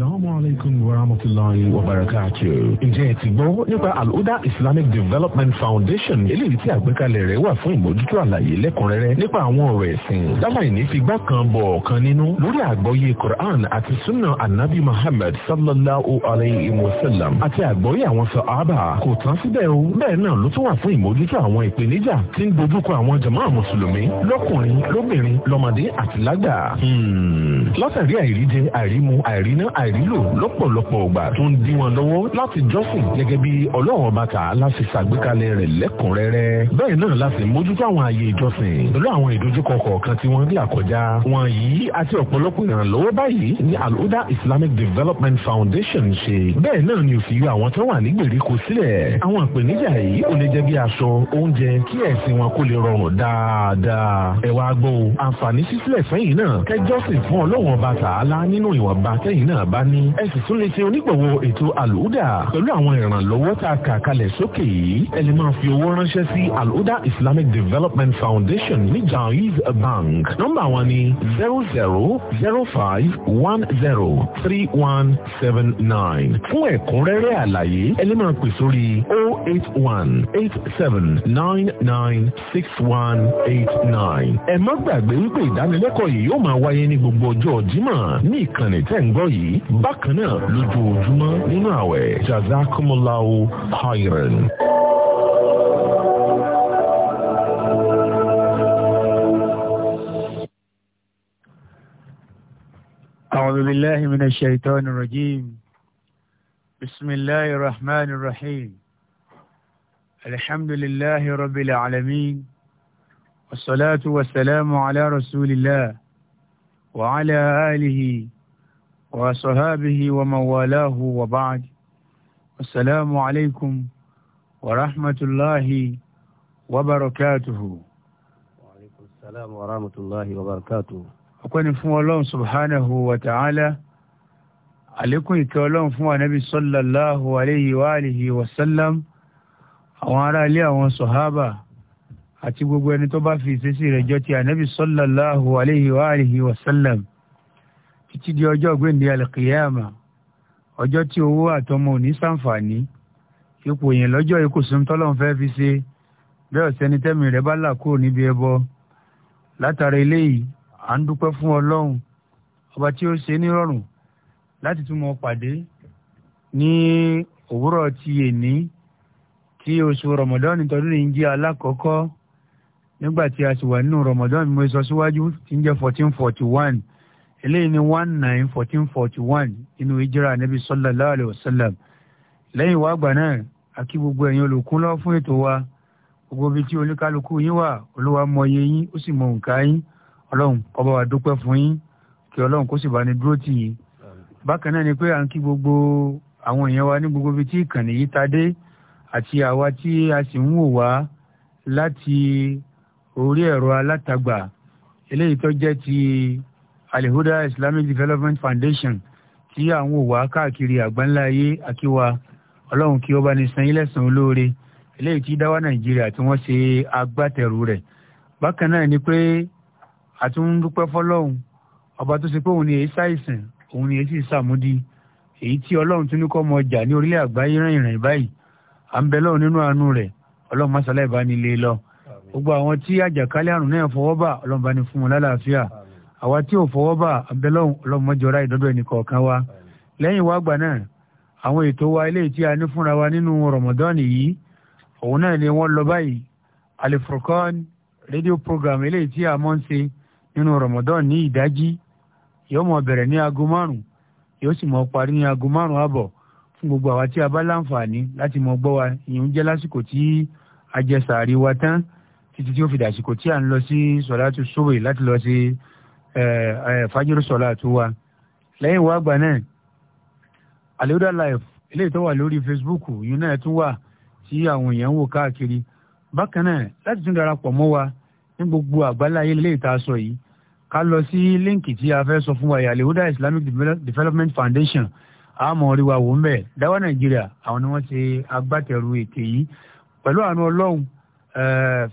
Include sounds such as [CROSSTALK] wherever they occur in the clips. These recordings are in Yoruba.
Assalamualaikum warahmatullahi wabarakatuh. Ǹjẹ́ ẹ ti gbọ́ nípa Al-Huda Islamic Development Foundation eléyìí tí àgbékalẹ̀ rẹ̀ wà fún ìmójútó àlàyé lẹ́kùnrẹ́rẹ́ nípa àwọn ọ̀rọ̀ ẹ̀sìn. Dábàá ní figbá kan bọ̀ ọ̀kan nínú lórí àgbọ́yé Quran àti Sunnah Anabi Muhammad sallallahu alayhi wa sallam àti àgbọ́yé àwọn sọ̀hábà kò tán síbẹ̀ o. Bẹ́ẹ̀ náà ló tún wà fún ìmójútó àwọn ìpèníjà tí ń dojúkọ àwọn jàmáà mùsùlùmí lọ́kùnrin lóbìnrin lọ́mọdé àti lágbà. Hmm. Lọ́sàrí àìríjẹ àìrímu àìríná àì àìnílò lọ́pọ̀lọpọ̀ ọgbà tó ń dí wọn lọ́wọ́ láti jọ́sìn gẹ́gẹ́ bí ọlọ́run ọba tààlà ṣe ṣàgbékalẹ̀ rẹ̀ lẹ́kùnrẹ́rẹ́ bẹ́ẹ̀ náà láti mójútó àwọn ààyè ìjọsìn pẹ̀lú àwọn ìdojúkọ kọ̀ọ̀kan tí wọ́n ń là wọn yìí àti ọ̀pọ̀lọpọ̀ ìrànlọ́wọ́ báyìí ní al Islamic Development Foundation ṣe bẹ́ẹ̀ náà ni òfin àwọn tó wà ní gbèríko sílẹ̀ àwọn ìpèníjà yìí ò lè jẹ́ bí aṣọ oúnjẹ kí ẹ̀sìn wọn kó lè rọrùn dáadáa ẹ gbọ́ àǹfààní sísílẹ̀ fẹ́yìn náà yorùbá ni ẹ sì tún lè ṣe onígbọ̀wọ́ ètò àlùdà pẹ̀lú àwọn ìrànlọ́wọ́ tá a kà kalẹ̀ sókè yìí ẹ lè máa fi owó ránṣẹ́ sí àlùdà islamic development foundation ní jaiz bank nọ́mbà wọn ni zero zero zero five one zero three one seven nine fún ẹ̀kúnrẹ́rẹ́ àlàyé ẹ lè máa pè sórí o oh eight one eight seven nine nine six one eight nine ẹ má gbàgbé wípé ìdánilẹ́kọ̀ọ́ yìí yóò máa wáyé ní gbogbo ọjọ́ Jímọ̀ ní ìkànnì tẹ̀ ń gbọ́ yìí bákan náà lójoojúmọ́ nínú àwẹ̀ خيرا khairan. أعوذ بالله من الشيطان الرجيم بسم الله الرحمن الرحيم الحمد لله رب العالمين والصلاة والسلام على رسول الله وعلى آله وصحابه ومن والاه وبعد السلام عليكم ورحمة الله وبركاته وعليكم السلام ورحمة الله وبركاته أكون فهو الله سبحانه وتعالى àlékún ìkẹ́ ọlọ́run fún ànábì sọ́láláhù aléyìí wá àlèyí wàsálàm àwọn ará ilé àwọn sọ̀hábà àti gbogbo ẹni tó bá fi ìṣesí rẹ̀ jọ ti ànábì sọ́láláhù aléyìí wá àlèyí wàsálàm títí di ọjọ́ gbẹ̀ndé alikiyama ọjọ́ tí owó àtọmọ òní sàǹfààní ipò yẹn lọ́jọ́ ìkùsùn tọ́lọ́n fẹ́ fi ṣe bẹ́ẹ̀ ọ̀sẹ́ni tẹ́mi rẹ̀ bá là kúrò níbi ẹbọ látara eléyìí à ń dúpẹ́ fún ọlọ́run ọba tí ó ṣe nírọ̀rùn láti tún mọ pàdé ní òwúrọ̀ ti èní tí oṣù rọmọdọ́ọ̀nì tọdún yìí jẹ́ alákọ̀ọ́kọ́ nígbà tí a sì wà nínú rọmọdọ́ọ̀nì mo sọ síwájú tí ń jẹ́ fourteen forty one eléyìí ni one nine fourteen forty one nínú ìjírà nabi sallallahu alayhi wa sallam lẹ́yìn wá gbà náà àkí gbogbo ẹ̀yin olùkún lọ fún ètò wa gbogbo ibi tí oníkálukú yín wà olúwa mọ iye yín ó sì mọ òǹkà yín ọlọ́run ọba wa dúpẹ́ fún yín kí ọlọ́run kó sì bá ní dúró tì yín bákan náà ni pé à ń kí gbogbo àwọn èèyàn wa ní gbogbo ibi tí ìkànnì yìí ta dé àti àwa tí a sì ń wò wá láti orí ẹ̀rọ alátagbà eléyìí tó jẹ́ ti alihuda islamic development foundation tí à ń wò wá káàkiri àgbáńlá ayé àkíwá ọlọ́run kí ó bá ní san yín lẹ́san olóore eléyìí tí dáwà nàìjíríà tí wọ́n ṣe agbátẹrù rẹ̀ bákan náà ni pé àtúndúpẹ́ fọlọ́run ọba tó ṣe pé òun ni èyí ṣàìsàn òun ni èyí sì ṣàmúdí èyí tí ọlọ́run tún ní kọ́ ọmọ ọjà ní orílẹ̀ àgbáyé rìnrìn báyìí à ń bẹ lọ́run nínú àánú rẹ̀ ọlọ́run mọ́sálá ìbánilé e lọ gbogbo àwọn tí àjàkálẹ̀ àrùn náà fọwọ́ bà ọlọ́run bá ní fún wọn lálàáfíà àwa tí ò fọwọ́ bá abẹ́lọ́hùn ọlọ́mọjọra ìdọ́dọ̀ ẹnì kọ̀ọ̀kan wa lẹ́yìn wá gbà náà àwọn ètò wa eléyìí tí a ní fúnra wa nínú Ramadan yìí òun náà ni wọ́n lọ báyìí Al-Furqan rédíò program eléyìí tí a mọ̀ ń ṣe nínú Ramadan ní ìdájí yóò mọ̀ bẹ̀rẹ̀ ní aago márùn yóò sì mọ̀ parí ní aago márùn àbọ̀ fún gbogbo àwa tí a bá láǹfààní láti mọ̀ gbọ́ wa ìyẹn jẹ́ lásìkò tí a jẹ sàárì wa tán títí tí ó fi dàsìkò tí à ń lọ sí sọ̀látù sóbè láti lọ sí fajiri sọlá àtúwà lẹ́yìn wá gbà náà àlèúdà life eléyìí tó wà lórí facebook yìí náà tún wà tí àwọn èèyàn ń wò káàkiri bákan náà láti tún darapọ̀ mọ́ wa ní gbogbo àgbáláyé eléyìí tá a sọ yìí ká lọ sí líǹkì tí a fẹ́ sọ fún wa yìí àlèúdà islamic development foundation àmọ́ orí wa wò ń bẹ̀ dáwọ́ nàìjíríà àwọn ni wọ́n ṣe agbátẹrù ètò yìí pẹ̀lú àánú ọlọ́run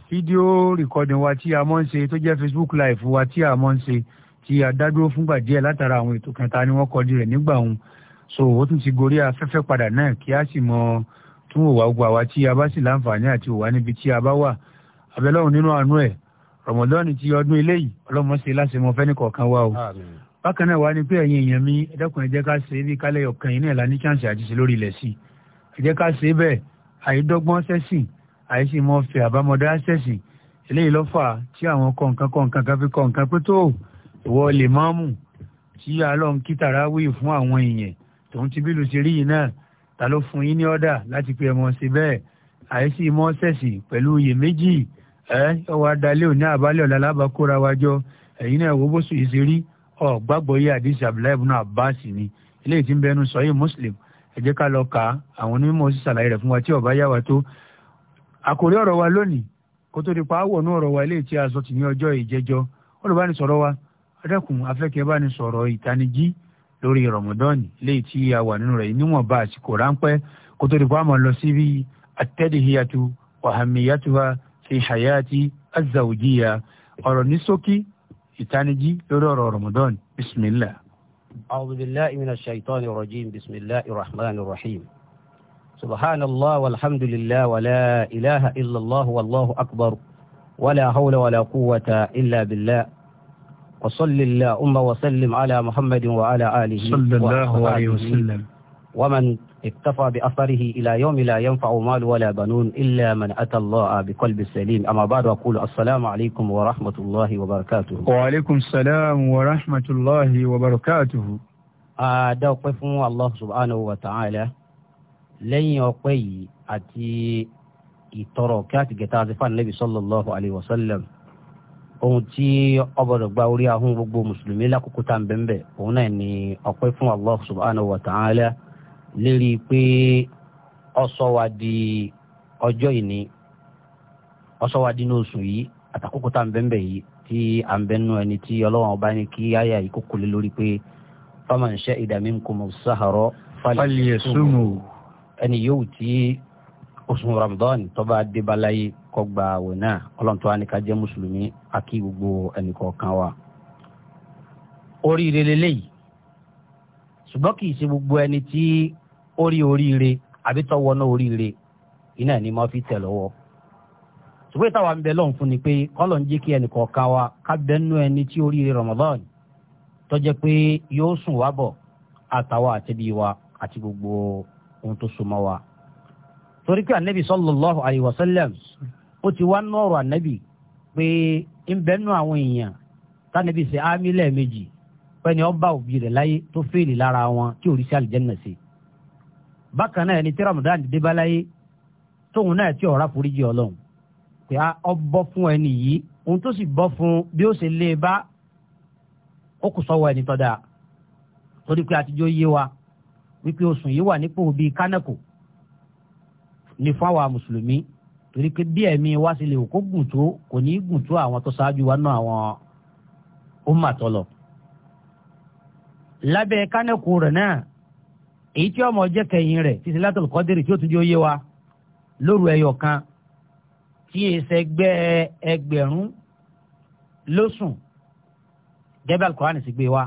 fídíò eh, rìkọ́dìn wa tí a mọ̀ ń ṣe tó jẹ́ facebook live wa tí a mọ̀ ń ṣe tí a dádúró fúngbà díẹ̀ látara àwọn ètò kẹta ni wọ́n kọjú rẹ̀ nígbà òun so ó tún ti gorí afẹ́fẹ́ padà náà kí a sì mọ tún òwà ogun àwa tí a bá sì láǹfààní àti òwà níbi tí a bá wà abẹ́lẹ́hùn nínú àánú ẹ̀ rọ̀mọ̀dọ́nì ti ọdún eléyìí ọlọ́mọṣe láṣemọ fẹ́ni kọ̀ọ̀kan wa o bákan náà wá ní pé ẹ̀yin èèyàn mi ẹ dákun ká ṣe é bí kálẹ̀ ọ̀kan yìí náà la ní chance àti ṣe lórí ilẹ̀ sí ẹ jẹ́ ká ṣe é bẹ́ẹ̀ àìdọ́gbọ́n sẹ́sìn àìsí mọ́ fẹ́ àbámọ́dá ṣẹ̀ṣì eléyìí ló fà tí àwọn kọ̀ǹkan kọ̀ǹkan kan fi kọ̀ǹkan pé tó ìwọ lè máàmù tí alọ́n kí tàràwì fún àwọn èèyàn tòun ti bílù ti rí yìí náà ta ló fún yín ní ọ̀dà láti pe ẹmọ sí bẹ́ẹ̀ àìsí mọ́ ṣẹ̀ṣì pẹ̀lú iyèméjì ẹ ọwọ́ adalẹ́ òní àbálẹ̀ ọ̀la lábàkóra wájọ ẹ̀yin náà wo bó sùn yìí ṣe rí ọ gbàgbọ́ yé àdìsí Abdullahi ibn Abbas ni eléyìí ti ń bẹnu sọ yìí Muslim ẹ jẹ́ ká lọ kà á àwọn onímọ̀ sí ṣàlàyé rẹ̀ fún wa tí ó bá yá tó àkòrí ọ̀rọ̀ wa lónìí kó tó di pa áwọ̀ ní ọ̀rọ̀ wa ilé tí a sọ ti ní ọjọ́ ìjẹjọ́ olùbánisọ̀rọ̀ wa adẹ́kùn afẹ́kẹ́ bánisọ̀rọ̀ ìtanijí lórí Ramadan léyìí tí a wà nínú rẹ̀ níwọ̀nba àsìkò ráńpẹ́ kó tó di pa àmọ́ lọ síbi atẹ́dìhíyàtú wàhámiyàtúwa fi hayati azawujiya ọ̀rọ̀ ní ṣókí ìtanijí lórí ọ̀rọ̀ Ramadan bismillah. a'udhu billahi minash shaitani rajim bismillahir rahmanir rahim. سبحان الله والحمد لله ولا إله إلا الله والله أكبر ولا حول ولا قوة إلا بالله وصل اللهم وسلم على محمد وعلى آله صلى الله عليه وسلم ومن اكتفى بأثره إلى يوم لا ينفع مال ولا بنون إلا من أتى الله بقلب سليم أما بعد أقول السلام عليكم ورحمة الله وبركاته وعليكم السلام ورحمة الله وبركاته أدوقف آه، الله سبحانه وتعالى lẹ́yìn ọpẹ́ yìí àti ìtọrọ kí láti gẹ̀ta àti fáànù lẹ́bi sallallahu alayhi ohun tí ọbọdọ̀ gba orí ahun gbogbo mùsùlùmí lákòókò tá à ń bẹ́ńbẹ́ òun náà ni ọpẹ́ fún allah subhanahu wa ta'ala lérí pé ọsọ wa di ọjọ́ ìní ọsọ wa di ní oṣù yìí àtàkókò tá à ń bẹ́ńbẹ́ yìí tí à ń bẹ́nu ẹni tí ọlọ́wọ́n pé ẹni yóò tí oṣù ramadan tọ́ba adébáláyé kọgbà àwẹ̀ náà ọlọ́ntọ́ àníkà jẹ́ mùsùlùmí àkí gbogbo ẹnì kọ̀ọ̀kan wa. oríire lélẹ́yìí ṣùgbọ́n kì í ṣe gbogbo ẹni tí ó rí oríire àbí tọ́wọ́ náà oríire iná ẹ̀ ní máa fi tẹ̀ lọ́wọ́. ṣùgbọ́n ìtawà ń bẹ lọ́n fún ni pé kọ́lọ̀ ń jẹ́ kí ẹnì kọ̀ọ̀kan wa ká bẹ́nu ẹni tí oríire ramadan tọ́jẹ́ pé yóò sùn wá bọ̀ àtàwọn àtẹ̀bí wa àti gbogbo ọkùnrin tó súnmọ́ wa torí pé ànábì sallallahu alayhi wa sallam ó ti wá nọ́ọ̀rọ̀ ànábì pé ń bẹ nú àwọn èèyàn tánàbì ṣe ámì lẹ́ẹ̀mejì pẹ́ni ọba òbí rẹ̀ láyé tó fèèlì lára wọn tí òrìṣà àlùjẹ́nà sí bákan náà ẹni tí ramadan dé bá láyé tóun náà tí ọ̀rá foríjì ọlọ́run pé ọ bọ́ fún ẹni yìí ohun tó sì bọ́ fún bí ó ṣe lé e bá ó kù sọ́wọ́ ẹni tọ́ da torí pé àtijọ́ yé wa wípé oṣù yìí wà nípò bíi kánàkò ní fún àwa mùsùlùmí torí pé bí ẹ̀mí wá sí lè kó gùn tó kò ní í gùn tó àwọn tó ṣáájú wa náà àwọn ó mà tọ́ lọ. lábẹ́ kánàkò rẹ̀ náà èyí tí ọmọ jẹ́ kẹyìn rẹ̀ títí látọ̀lù kọ́dírì tí ó tún jẹ́ óyé wa lóru ẹyọ kan tí èsẹ̀ gbẹ́ ẹgbẹ̀rún lóṣùn gẹ́gẹ́ bí al sì gbé wa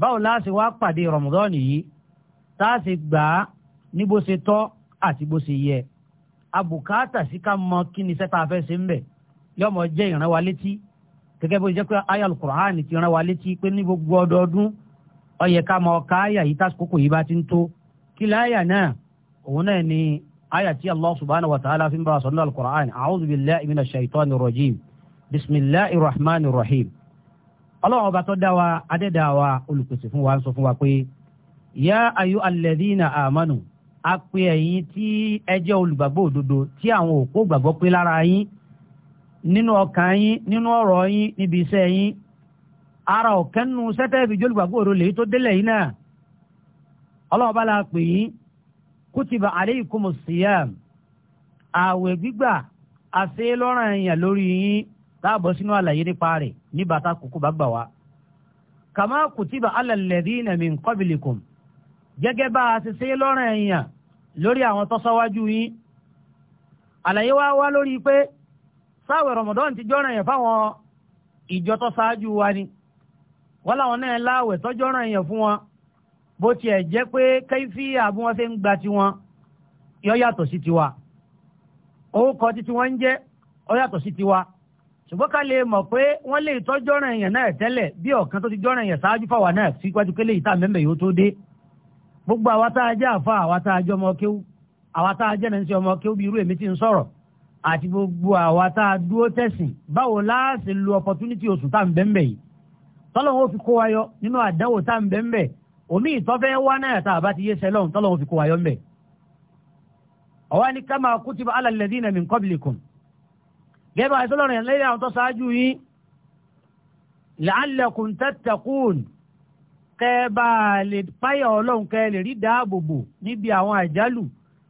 báwo la wá pàdé Ramadan yìí tá a ṣe gbà á ní bó ṣe tọ́ àti bó ṣe yẹ abùkátà sí ká mọ kí ni iṣẹ́ tá a fẹ́ ṣe ń bẹ̀ yọmọ jẹ́ ìran létí gẹ́gẹ́ bó ṣe jẹ́ pé ayal Qur'an ti ran wa létí pé ní gbogbo ọdọọdún ó yẹ ká mọ ọ̀ka àyà yìí tásìkò yìí bá ti ń tó kí láyà náà òun náà ni آية تي الله سبحانه وتعالى في مبارا صلى القرآن أعوذ بالله من الشيطان الرجيم بسم الله الرحمن الرحيم الله أبا تدعوى أددعوى أولكسفون وانصفون وقوي yá ayú alẹ́dínà àmánù a pe ẹ̀yin tí ẹ jẹ́ olùgbàgbọ́ òdodo tí àwọn òkú gbàgbọ́ pé lára yín nínú ọkàn yín nínú ọ̀rọ̀ yín níbi iṣẹ́ yín ara ọ̀kẹ́nu sẹ́tẹ́ẹ̀bì jẹ́ olùgbàgbọ́ òdodo lèyí tó délẹ̀ yín náà ọlọ́ọ̀bá la pè yín kútìbà àléyìnkùmù síyàm ààwẹ̀ gbígbà àṣẹ lọ́ràn èèyàn lórí yín táàbọ̀ sínú àlàyé nípa rẹ̀ níbàtà kúkú bá gbà wá kàmá kùtìbà alàlẹ́dínà min qablikum gẹ́gẹ́ bá a ṣe ṣe lọ́rùn èèyàn lórí àwọn tó ṣáwájú àlàyé wa wá lórí pé sáwẹ̀ Ramadan ti jọ́ràn yẹn fáwọn ìjọ tó ṣáájú wa ni wọ́n láwọn náà láwẹ̀ tó jọ́ràn yẹn fún wọn bó tiẹ̀ jẹ́ pé kẹ́fí àbí wọ́n ṣe ń gba tiwọn yọ yàtọ̀ sí tiwa orúkọ títí wọ́n ń jẹ́ ọ yàtọ̀ sí tiwa ṣùgbọ́n ká lè mọ̀ pé wọ́n lè tọ́jọ́ràn yẹn náà tẹ́lẹ̀ bí ọ̀kan tó ti jọ́ràn yẹn ṣáájú fáwa náà síwájú pé lè yí mẹ́mẹ́ yóò tó dé gbogbo àwa tá a jẹ́ àfa àwa tá a jẹ́ ọmọ kéwú àwa tá a jẹ́ nàìjíríà sí ọmọ kéwú bí irú èmi ti ń sọ̀rọ̀ àti gbogbo àwa tá a dúró tẹ̀sìn báwo láàṣì lu opportunity oṣù tá à ń yìí tọ́lọ́hún ó fi kó wa yọ nínú àdánwò tá à ń omi ìtọ́fẹ́ wá náà tá a bá ti yé sẹ́lọ̀hún tọ́lọ́hún fi kó wa yọ ńbẹ́. ọ̀wá ni ká máa kutiba ala bá àìsàn lọ́rùn kẹ́ bá a lè páyà ọlọ́run kẹ́ lè rí dáàbòbò níbi àwọn àjálù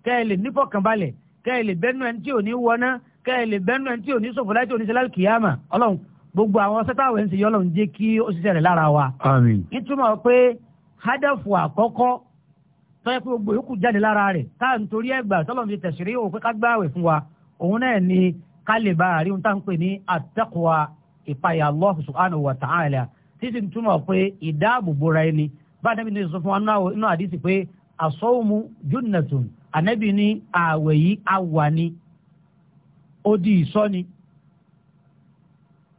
kẹ́ lè nífọ̀kànbalẹ̀ kẹ́ lè bẹ́nu ẹni tí ò ní wọná kẹ́ lè bẹ́nu ẹni tí ò ní ṣòfò láti ò ní kìyàmà ọlọ́run gbogbo àwọn sẹ́tàwé ń ṣe yọ ọlọ́run jẹ́ kí ó ṣiṣẹ́ rẹ̀ lára wa. àmín. pé hádàfù àkọ́kọ́ tọ́yẹ pé gbogbo yòókù jáde lára rẹ̀ ká nítorí ẹgbà tọ́lọ́run tí túmọ̀ pé ìdáàbòbòra ẹni bá anábì ní sọ fún wa nínú àdìsí pé àsọ́wọ́mu júnàtún anábì ní ààwẹ̀ yìí àwà ni ó di ìsọ́ni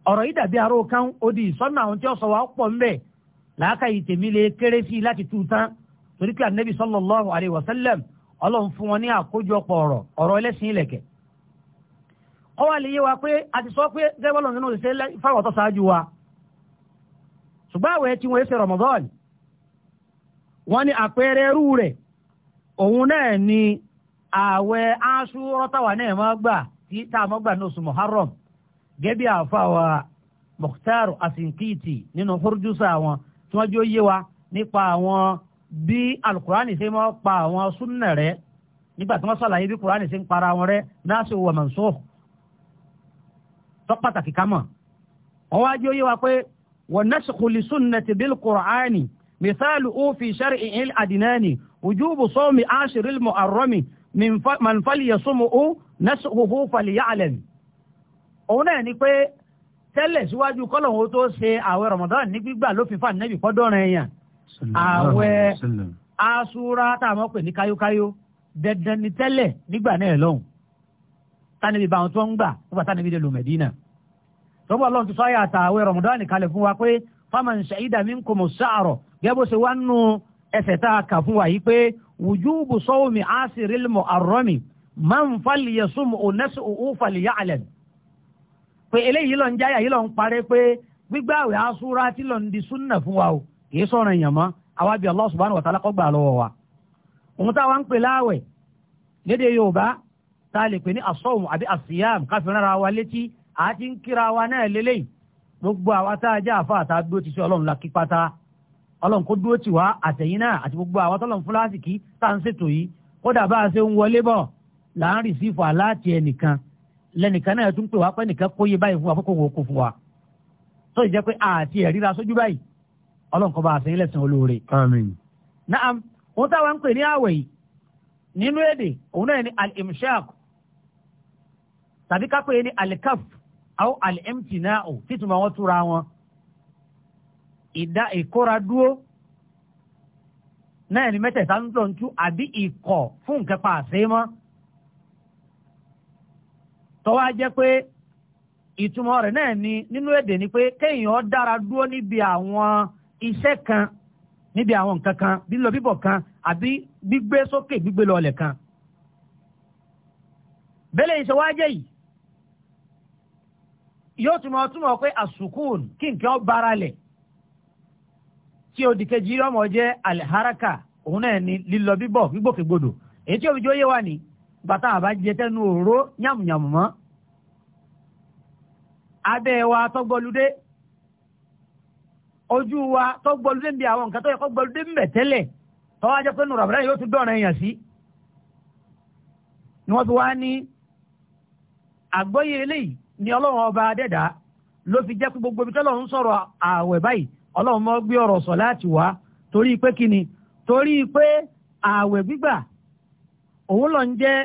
ọ̀rọ̀ yìí kan ó di àwọn tí ó sọ na pọ̀ ńbẹ̀ làákàyè tèmi lè kéré sí i láti tú tán torí pé wasallam fún wọn ní wa pé àti sọ pé nínú fáwọn ṣáájú wa ṣùgbọ́n àwẹ̀ tí wọ́n ṣe Ramadan wọ́n ní àpẹẹrẹ ẹrú rẹ̀ òun náà ni àwẹ̀ aṣúrọ́ táwa náà máa gbà tí tá a máa gbà ní oṣù Muharram gẹ́bí àfàwà Mukhtar Asinkiti nínú fúrújúṣà wọn tí wọ́n jó yé wa nípa àwọn bí alukurani ṣe máa pa àwọn súnnà rẹ̀ nígbà tí wọ́n sàlàyé bí kurani ṣe ń para wọn rẹ̀ nasikh wa mansukh tó pàtàkì ká mọ̀ wá jó yé wa pé والنسخ لسنة بالقرآن مثاله في شرع الأدنان وجوب صوم عاشر المحرم من من فليصومه نسخه فليعلم òun náà ni pé tẹ́lẹ̀ síwájú kọ́lọ̀hún tó ṣe àwẹ̀ Ramadan ní gbígbà ló fi fà nẹ́bì fọ́dọ́rin èèyàn àwẹ̀ asúra táwọn pè ní káyókáyó dandan ni tẹ́lẹ̀ nígbà náà lọ́hùn tánibí bá wọn tó ń gbà nígbà tánibí dé lu Mẹ̀dínà tọ́gbà lọ́n ti sọ ayé àtàwé rọ̀mùdánì kalẹ̀ fún wa pé fáman ṣàyídà mi ń kò mọ̀ sáàrọ̀ gẹ́gbó ṣe wá nù ẹsẹ̀ tá a kà fún wa yìí pé wùjúbù sọ́wọ́mì àṣìrìlmọ̀ àrọ́mì máa ń falìyẹ súnmù ònẹ́sì òun falìyẹ àlẹ̀ pé eléyìí lọ́n jáyà yìí lọ́n parẹ́ pé gbígbàwé asúra tí lọ́n di súnà fún wa o kì í sọ̀rọ̀ èèyàn mọ́ àwa àti ń kíra wa náà lélẹ́yìí gbogbo àwa tá a jẹ́ àfa àtàgbé ti sọ ọlọ́run la kí pátá ọlọ́run kó dúró tì wá àtẹ̀yìn náà àti gbogbo àwa tọ́lọ́run fúláàsì kí tá à ń ṣètò yìí kódà bá a ṣe ń wọlé bọ̀ là ń rìsífù aláàtì ẹnìkan lẹnìkan náà tún pè wá pé nìkan kó yé báyìí fún wa fún kò wò kó fún wa tó ìjẹ́ pé àti ẹ̀ríra sójú báyìí ọlọ́run kó a ṣe ilẹ̀ sàn olóore. àmín. naam òun táwa ń pè ní àwẹ̀ tàbí ká pè ní aw al-imtina'u títúmọ̀ wọn túra wọn ìdá ìkóra dúró náà ní mẹ́tẹ̀ẹ̀ta ń lọ tú àbí ìkọ̀ pa jẹ́ pé ìtumọ̀ rẹ̀ náà ni nínú èdè ni pé kéèyàn níbi àwọn iṣẹ́ kan níbi àwọn nǹkan kan lílọ kan kan ise je yi. yóò túmọ̀ túmọ̀ pé asukun kí nǹkan ó bára lẹ̀ tí odi kejì ọmọ jẹ́ aliharaka òun náà ni lílọ bíbọ̀ gbígbòkègbodò èyí tí òbí jó yé wa ni bàtà àbá tẹnu òró yàmùyàmù mọ́ abẹ́ wa tọ́gbọ́lúdé ojú wa tọ́gbọ́lúdé ń bi àwọn nǹkan tó yẹ kọ́gbọ́lúdé ń bẹ̀ tẹ́lẹ̀ tọ́wọ́ pé yóò tún dọ̀rọ̀ èèyàn sí ni wọ́n ni ọlọ́run ọba adẹ́dá ló fi jẹ́ pé gbogbo ibi tọ́lọ́run sọ̀rọ̀ ààwẹ̀ báyìí ọlọ́run mọ́ gbé ọ̀rọ̀ sọ̀ láti wá torí pé kíni torí pé ààwẹ̀ gbígbà òun lọ ń jẹ́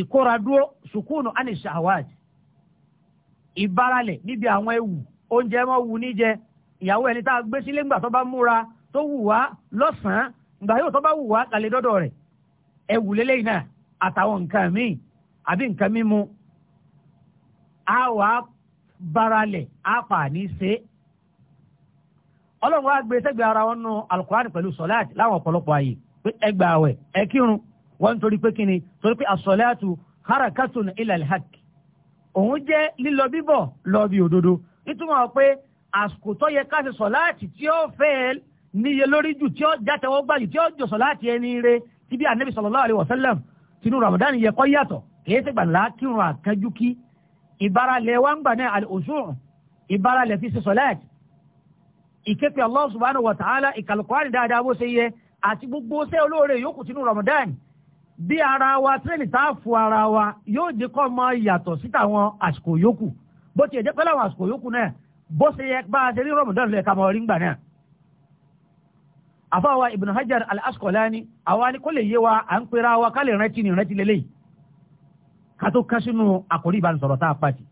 ìkóradúró sùkúùnù anishawaj ìbáralẹ̀ níbi àwọn ewu oúnjẹ mọ́ wu níjẹ ìyàwó ẹni tá a gbé sílé ńgbà tó bá múra tó wù wá lọ́sàn-án ńgbà yóò tó bá wù wá kàlẹ́ dọ́dọ̀ rẹ̀ ewu lélẹ́yìn náà àtàwọn nǹkan míì àbí nǹkan mímu á wà á baralẹ̀ á fà ní ṣe é ọlọ́run wá gbé sẹ́gbẹ̀ẹ́ ara wọn nù alukurani pẹ̀lú sọláàtì láwọn ọ̀pọ̀lọpọ̀ ààyè pé ẹ gbà àwẹ̀ ẹ kírun wọ́n ń torí pé kíni torí pé asọláàtù harakatun ilal haq òun jẹ́ lílọ bíbọ̀ lọ bí òdodo nítumọ̀ pé àsìkò tó yẹ ká sọláàtì tí ó fẹ́ níye lórí jù tí ó jàtẹ̀wọ́ gbà tí ó jọ sọláàtì ẹni rẹ ti anabi sallallahu alaihi wasallam tinú ramadan yẹ kó yàtọ̀ kì í kírun àkànjú kí ìbáralẹ̀ wa ń gbà náà al-khushu' ìbáralẹ̀ fi ṣe sọ̀láàt ìkẹ́pẹ́ Allah subhanahu wa ta'ala ìkàlùkọ́rì dáadáa bó ṣe yẹ àti gbogbo ṣẹ́ olóore yòókù sínú Ramadan bí ara wa tírẹ̀nì tá a fò ara wa yóò jẹ́ kọ́ mọ yàtọ̀ síta àwọn àsìkò yòókù bó ti ẹ̀jẹ̀ pẹ́lú àwọn àsìkò yòókù náà bó ṣe yẹ bá a ṣe rí Ramadan lẹ́ka mọ́ rí ngbà náà. àfọwọ́ Ibn Hajar ká tó ká sínú àkórí ìbánisọ̀rọ̀ tá a pàtì.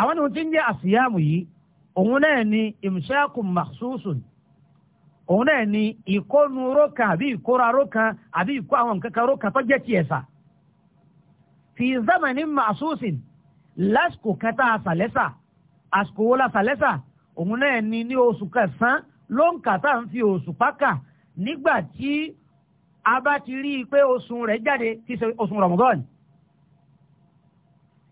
àwọn ohun tí ń jẹ́ àsìyáàmù yìí òun náà ni imshakun maksusun òun náà ni ìkónu rókan àbí ìkóra rókan àbí ìkó àwọn nǹkan kan tó jẹ́ tiẹ̀ sà. fi zamani maksusin lásìkò kẹta àsàlẹ́sà àsìkò wo la òun náà ni ní oṣù kẹsàn-án ló ń kà tá à ń fi oṣù pákà nígbà tí a bá ti rí i pé oṣù rẹ̀ jáde ti ṣe oṣù Ramadan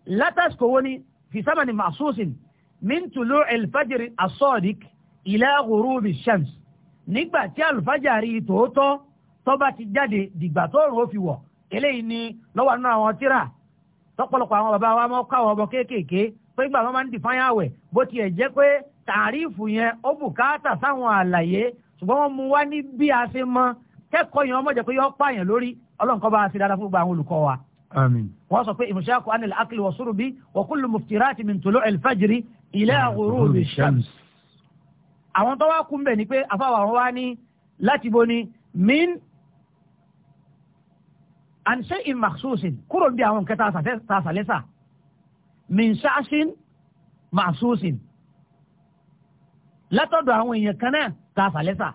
látàsíkò wo ni fìsámánì màṣúsìn min tulu alfajiri asọ́ọ̀dìk ilá ghurubi shams nígbà tí alfajari tòótọ́ tó bá ti jáde dìgbà tó rò ó fi wọ̀ eléyìí ni lọ́wọ́ nínú àwọn tíra tọ́pọ̀lọpọ̀ àwọn bàbá wa máa kọ́ àwọn ọmọ kéékèèké pé gbà wọn máa ń dìfáyà wẹ̀ bó tiẹ̀ jẹ́ pé tàrífù yẹn ó bùkátà sáwọn àlàyé ṣùgbọ́n wọ́n mú wá ní bí a ṣe mọ kẹ́kọ̀ọ́ yẹn ọmọ jẹ́ pé yọ pààyàn lórí ọlọ́nkọ́ bá a ṣe dáadáa fún gbogbo àwọn olùkọ́ wa. آمين وصف إمساك عن الأكل وصرب وكل مفترات من طلوع الفجر إلى غروب الشمس àwọn tó wá kún bẹ̀ ni pé afáwà wọn wá ní láti bo ni min anṣẹ́ ìmàṣúṣin kúrò bí àwọn nǹkan tá a sàlẹ́sà min ṣáṣin màṣúṣin látọ̀dọ̀ àwọn èèyàn kan náà tá a sàlẹ́sà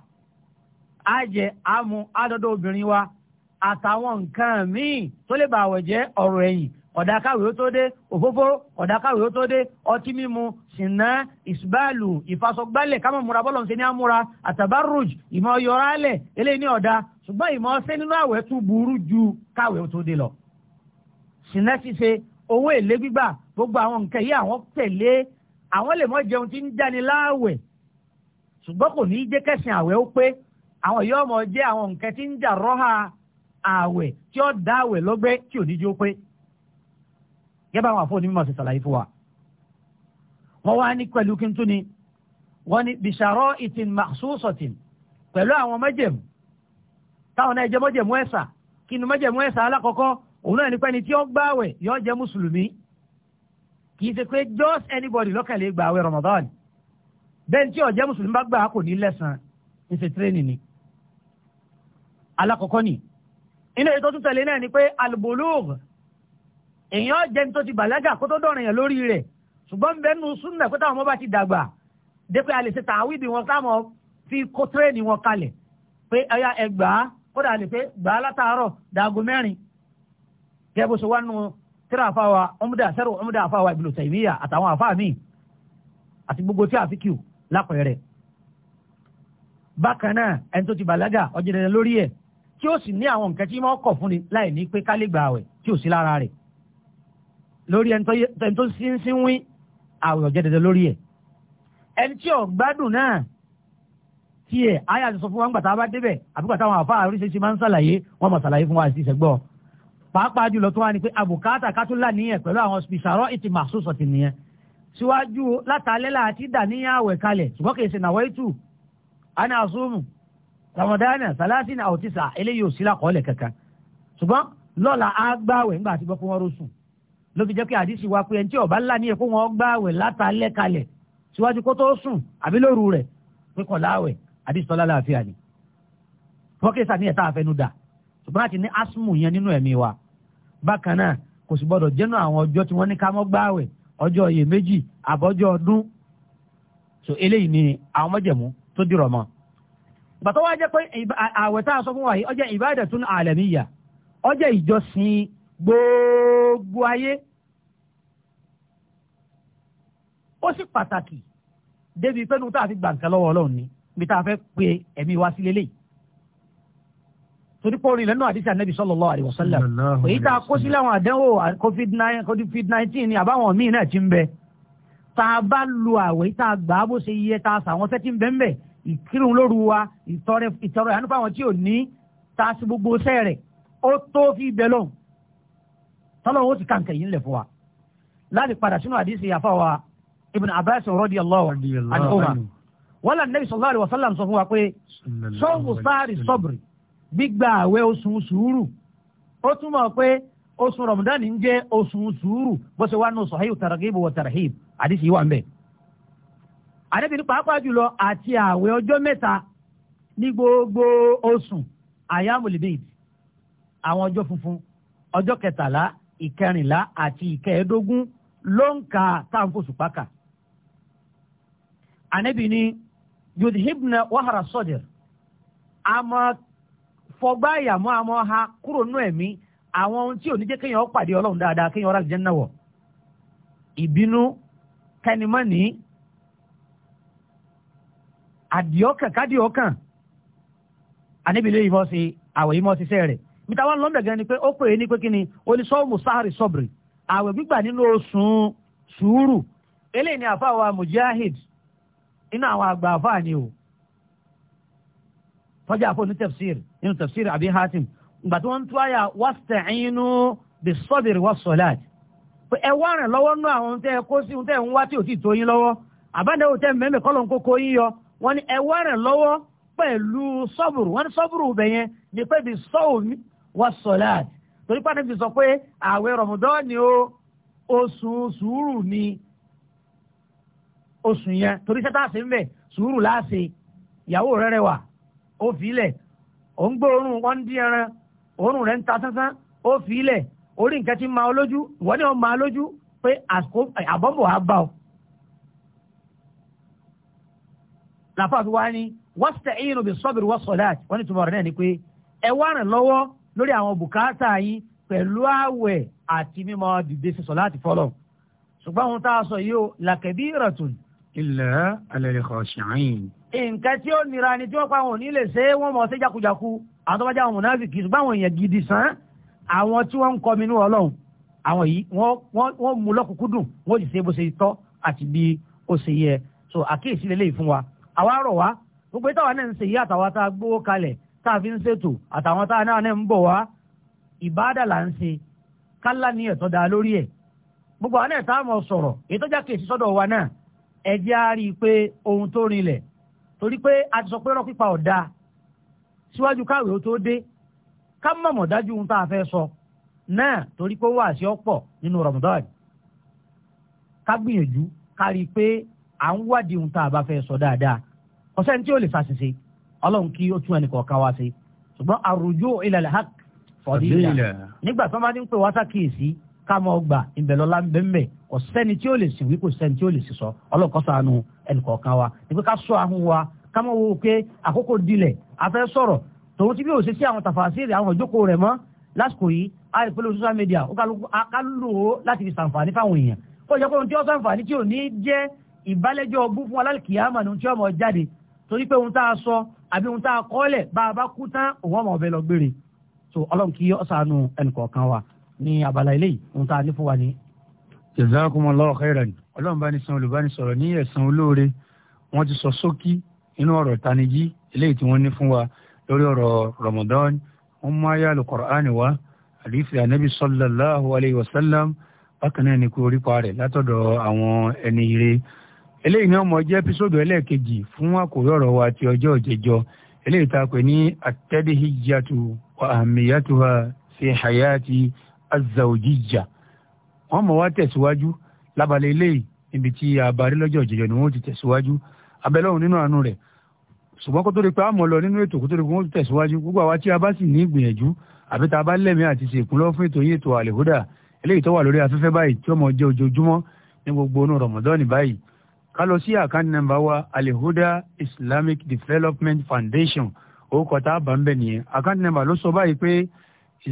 á jẹ àmú àdọ́dọ̀ obìnrin wa àtàwọn nǹkan míì tó lè bá àwẹ̀ jẹ́ ọ̀rọ̀ ẹ̀yìn ọ̀dàkàwé ó tó dé òfófóró ọ̀dàkàwé ó tó dé ọtí mímu ṣìnà ìsbáàlù ìfasọgbálẹ̀ kámọ̀ múra bọ́lọ̀ ṣe ní àmúra àtàbárùj ìmọ̀ yọrálẹ̀ eléyìí ní ọ̀dà ṣùgbọ́n ìmọ̀ ṣe nínú àwẹ̀ tún burú ju káwé ó tó dé lọ. ṣìnà ṣíṣe owó èlé gbígbà gbogbo àwọn nǹkan yìí àwọn tẹ̀lé àwọn lè mọ jẹun tí ń jáni láàwẹ̀ ṣùgbọ́n kò ní í jẹ́ kẹ́sìn àwẹ̀ ó pé àwọn yóò jẹ́ àwọn nǹkan tí ń jà rọ́hà ààwẹ̀ tí ó dá ààwẹ̀ lọ́gbẹ́ tí ò ní jó pé gẹ́gẹ́ bá àwọn àfọwọ́ onímọ̀ ṣe ṣàlàyé fún wa. wọ́n wá ní pẹ̀lú kí n tún ni wọ́n ní bìṣàrọ̀ ìtìn màṣúṣọ̀tìn pẹ̀lú àwọn mọ́jẹ̀mú táwọn náà jẹ́ mọ́jẹ̀mú ẹ̀sà kí ni mọ́jẹ̀mú ẹ̀sà alákọ̀ọ́kọ́ òun náà ní pẹ́ni tí ó gbààwẹ̀ yóò jẹ́ mùsùlùmí kì í ṣe pé just anybody lọ́kànlẹ̀ gbààwẹ̀ Ramadan bẹ́ẹ̀ tí ó jẹ́ mùsùlùmí bá gbà kò ní lẹ́sàn-án ń ṣe tírénì ni alákọ̀ọ́kọ́ ni inú èyí tó tún tẹ̀lé náà ni pé albulugh èèyàn jẹni tó ti bàlágà kó tó dọ̀rọ̀ yẹn lórí rẹ̀ ṣùgbọ́n bẹ́ẹ̀ nu súnà pé táwọn ọmọ bá ti dàgbà dé pé a lè ṣe tàwídì wọn táwọn fi kó tírẹ́ẹ̀nì wọn kalẹ̀ pé ẹ̀yà ẹgbàá kódà a lè pé gbàá látàárọ̀ dàgó mẹ́rin kẹ́ẹ́ bó ṣe wá nu tíra àfáwa ọmọdé àṣẹrò ọmọdé àfáwa ìbìlò tẹ̀míyà àtàwọn àfáà míì àti gbogbo tí a fi kí lápẹ̀rẹ̀. bákan náà ẹni tó ti bàlágà ọjọ́ ìrẹ̀lẹ̀ lórí ẹ̀ tí ó sì ní àwọn nǹkan tí wọ́n kọ̀ fún ni láì ní pé kálí gbà àwẹ̀ tí ò sí lára rẹ̀ lórí ẹni tó sí ń sí wín àwẹ̀ ọ̀jẹ̀ dandan lórí ẹ̀ ẹni tí ò gbádùn náà tí ẹ̀ ayé àti sọ fún wa ń gbàtà bá débẹ̀ àbí gbàtà àwọn àfáà oríṣiríṣi máa ń ṣàlàyé wọ́n máa ṣàlàyé fún wa sí ìṣẹ́gbọ́ pàápàá jùlọ tó wà ní pé àbùkátà kátólà níyẹn pẹ̀lú àwọn spìṣàrọ̀ ìtì màṣúṣọ̀ tì nìyẹn síwájú látàlẹ́là àti dàníyàn àwẹ̀ kalẹ̀ ṣùgbọ́n kì í ṣe nàwọ́ ìtù àná àsùnmù ramadana salatina àwòtísà eléyìí ò sí lákọọ́lẹ̀ kankan ṣùgbọ́n lọ́la á gbààwẹ̀ ńgbà tí gbọ́ pé wọ́n rò sùn ló fi jẹ́ pé àdìsí wa pé ẹni tí ọba ńlá ní ẹ̀kọ́ wọn gbààwẹ̀ látàlẹ́ kalẹ̀ síwájú kó tó sùn àbí lóru rẹ̀ pé kọ̀ láwẹ̀ àdìsí tọ́lá láàfíà ni fọ́kẹ́sà ní ẹ̀ta àfẹnudà ṣùgbọ́n àti ní asmu yẹn nínú ẹ̀mí wa bákan náà kò sì gbọ́dọ̀ jẹ́nu àwọn ọjọ́ tí wọ́n ní ká mọ́ gbààwẹ̀ ọjọ́ iyèméjì ọdún so eléyìí ni àwọn mọ́jẹ̀mú tó dìrọ̀ bàtọ́ wá jẹ́ pé àwẹ̀ tá a sọ fún wa yìí ó jẹ́ ìbádàtún àlàmíyà ó jẹ́ ìjọsìn gbogbo ayé ó sì pàtàkì débi pé nu tá lọ́wọ́ ọlọ́run ni bí tá a fẹ́ pe ẹ̀mí wa sí lélẹ̀ torí pọ́ọ̀rì lẹ́nu àdìsí ànábì sallallahu alaihi wasallam èyí tá a kó sílẹ̀ àwọn àdánwò covid nineteen ni àbáwọn míì náà ti ń bẹ tá a bá lu àwẹ̀ tá a gbà á bó ṣe yẹ tá a sàwọn fẹ́ ti ń bẹ́ńbẹ́ ìkírun lóru wa ìtọrẹ ìtọrẹ àánú fáwọn tí ò ní ta sí gbogbo iṣẹ́ rẹ̀ ó tó fi bẹ lóhùn tọ́lọ́wọ́ ó ti kàǹkà yìí ńlẹ̀ fún wa láti padà sínú àdìsí àfáwà Ibn Abbas radiyallahu anhuma wala Nabi sallallahu alaihi wasallam sọ fún wa pé sọ́ọ̀bù sáàrì sọ́bìrì gbígba àwẹ̀ oṣù sùúrù ó túmọ̀ pé oṣù Ramadan ń jẹ́ oṣù sùúrù bó ṣe wà nù Sahih targhib wa tarhib àdìsí wà ń bẹ́ẹ̀ àdébìnrin pàápàá jùlọ àti ààwẹ̀ ọjọ́ mẹ́ta ní gbogbo oṣù àyàmùlẹ̀bẹ̀t àwọn ọjọ́ funfun ọjọ́ kẹtàlá ìkẹrìnlá àti ìkẹẹ̀ẹ́dógún ló ń ka táǹfòṣùpákà àdébìnrin yudhibna wàhálà sọ̀dẹ̀r àmọ́ fọgbá ìyàmú àmọ́ ha kúrò nú ẹ̀mí àwọn ohun tí ò ní jẹ́ kéèyàn pàdé ọlọ́run dáadáa kéèyàn ọ̀rá àlùjànnà wọ̀ ìbínú kẹnimọ́ni àdìọ́kàn kádìọ́kàn àníbìlẹ̀ yìí mọ̀ sí àwẹ̀ yìí mọ̀ sí sẹ́rẹ̀ mìtá wọn lọ́mọdé ni pé ó pè é ní pé kí ni oníṣọ́ọ̀mù sáárì sọ́bìrì àwẹ̀ gbígbà nínú oṣù sùúrù eléyìí ni àfa mujahid inú àwọn àgbà àfa ni o tọ́jà àfọ̀ ní tafsir nínú àbí hatim ìgbà tí wọ́n ń tú àyà wasta'inu bis-sabri was-salat ẹ wá ràn lọ́wọ́ nú àwọn tẹ́ kó sí tẹ́ ń wá tí ò wọ́n ní lọ́wọ́ pẹ̀lú sọ́bụrụ wọ́n ní sọ́bùrù ibẹ̀ yẹn ní torí pàdé fi sọ pé ààwẹ̀ rọ̀mùdán ni ó oṣù sùúrù ni oṣù yẹn torí sẹ́tà sí ń bẹ̀ sùúrù láàṣẹ ìyàwó wà ó fi ó ń gbé oorun wọn dín ẹran oorun ń ta ìwọ ni máa lójú pé àbọ̀bọ̀ á bá làfà fi wá ní wasta'inu bis-sabri was-salati wọ́n ní túmọ̀ rẹ̀ náà ni pé ẹ wá ràn lọ́wọ́ lórí àwọn bùkátà yín pẹ̀lú àwẹ̀ àti mímọ dìde sí sọ̀láàtì fọlọ̀ ṣùgbọ́n ohun tá a sọ yìí ó la kabiratun. illa 'ala al-khashi'in. nǹkan tí ó nira ni tí wọ́n pa àwọn òní lè ṣe é wọ́n mọ̀ ṣe jákujáku àwọn tó bá jẹ́ àwọn mùnáfíkì ṣùgbọ́n àwọn èèyàn gidi sàn àwọn so àkíyèsí lélẹ́yìí fún àwa rọ̀ wá gbogbo táwa náà ń ṣe yìí àtàwọn fi ń ṣètò àtàwọn tá a náà ń bọ̀ wá ni ẹ̀tọ́ da lórí ẹ̀ gbogbo àwọn sọ̀rọ̀ èyí tó sọ́dọ̀ wa náà ẹ á rí i pé ohun tó rinlẹ̀ torí pé a ti sọ pé rọ́pípa ọ̀dà síwájú káwé ó tó dé ká dájú ohun tá a fẹ́ sọ náà torí pé wà sí ọ̀pọ̀ nínú Ramadan ká gbìyànjú ká rí i pé à ń wádìí ohun tá a bá fẹ́ sọ dáadáa ọ̀sẹ́ni tí ó lè fàṣìṣe ọlọ́run kí ó tún ẹnì kọ̀ọ̀kan wá sí ṣùgbọ́n àrùjọ ìlàlẹ̀ hak fọ̀dílà nígbà tó bá ti ń pè wá sákìyèsí ká mọ ọgbà ìbẹ̀lọ́lá ń bẹ́ ń bẹ̀ ọ̀sẹ́ni tí ó lè sì wí kò sẹ́ni tí ó lè sì sọ ọlọ́run kó ṣàánú ẹnì kọ̀ọ̀kan wa ní pé ká sọ ahun wa ká mọ̀ wo pé àkókò dilẹ̀ afẹ́ sọ̀rọ̀ tòun ti bí ó ṣe sí àwọn tàfàṣìrì àwọn ìjókòó rẹ̀ mọ́ lásìkò yìí àì social media ó kálù ó láti fi sàǹfààní fáwọn èèyàn kó jẹ́ pé ohun tí ó sàǹfààní tí ò ní jẹ́ ìbálẹ́jọ́ ọgbú fún alálìkìyàmà ní ohun tí ọmọ jáde torí pé ohun tá a sọ àbí ohun tá a kọ́lẹ̀ bá a bá kú tán òun ọmọ ọbẹ̀ lọ gbére so ọlọ́run kí ó ṣàánú ẹnìkọ̀ọ̀kan wa ní abala eléyìí ohun tá a ní fún wa ní. jazakumullahu khairan ọlọ́run bá ní san olùbánisọ̀rọ̀ ní ẹ̀san olóore wọ́n ti sọ sókí nínú ọ̀rọ̀ ìtanijí eléyìí tí wọ́n ní fún wa lórí ọ̀rọ̀ Ramadan wọ́n mú ayé alukur'ani wa àdìsí anabi sallallahu alayhi wa sallam ni kú orí pa rẹ̀ látọ̀dọ̀ àwọn eléyìí ni ọmọ jẹ́ ẹpísòdù ẹlẹ́ẹ̀kejì fún àkórí wa ti ọjọ́ òjẹjọ eléyìí tá a pè ní atẹ́dẹ́hìjàtù wa àmìyàtùwà fi hayati azawjija wọ́n mọ̀ wá tẹ̀síwájú lábalẹ̀ eléyìí níbi tí àbárí lọ́jọ́ òjẹjọ ni wọ́n ti tẹ̀síwájú abẹ́lọ́run nínú àánú rẹ̀ ṣùgbọ́n kó tó di pé a mọ̀ lọ nínú ètò kó tó di pé wọ́n ti tẹ̀síwájú gbogbo àwa tí a bá sì ní ìgbìyànjú àbí tá a bá lẹ́mìí àti ṣèkúnlọ́ fún ètò ká lọ sí wa alihuda islamic development foundation orúkọ tá a bá ń bẹ̀ nìyẹn àkáǹtì nọ́mbà ló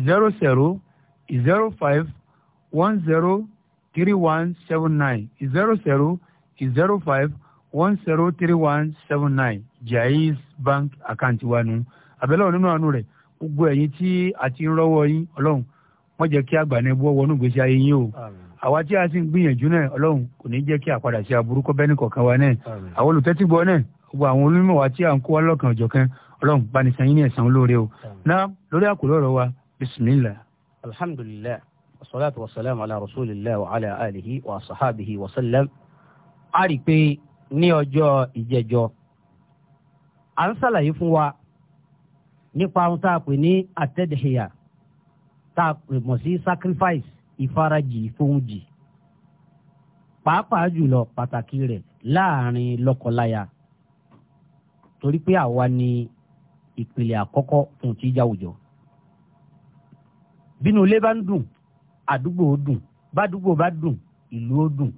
zero zero zero five one zero three one seven nine zero zero zero five one zero three one seven nine jaiz bank account wa nu abẹ́lẹ́ ọ̀nínú àánú rẹ̀ gbogbo ẹ̀yin tí a ti ń rọ́wọ́ yín ọlọ́run wọ́n jẹ́ kí àgbà wọnú ìgbésí ayé yín o. Àmín àwa tí a sì ń gbìyànjú náà ọlọ́run kò ní jẹ́ kí àpadà sí aburú kọ́ bẹ́ẹ̀ ní kọ̀ọ̀kan wa náà àwọn olùtẹ́tìgbọ́ náà gbogbo àwọn olúmọ̀ wa tí à ń kó wa lọ́kàn ọ̀jọ̀kan ọlọ́run bá ní sanyí ní ẹ̀sán olóore o náà lórí àkùrọ̀ ọ̀rọ̀ wa bisimilá. alhamdulilayi wasalaatu wasalaamu ala rasulillah wa ala alihi wa sahabihi wa sallam a rí i pé ní ọjọ́ ìjẹjọ à ń sàlàyé fún wa nípa ohun tá a pè ní atẹ́dẹ̀hìyà tá a pè mọ̀ sí sacrifice ìfarajì ìfohùnjì pàápàá jùlọ pàtàkì rẹ̀ láàrin lọ́kọláya torí pé àwa ni ìpìlẹ̀ àkọ́kọ́ fún ti jáwùjọ bínú ilé bá ń dùn àdúgbò ó dùn bádúgbò bá dùn ìlú ó dùn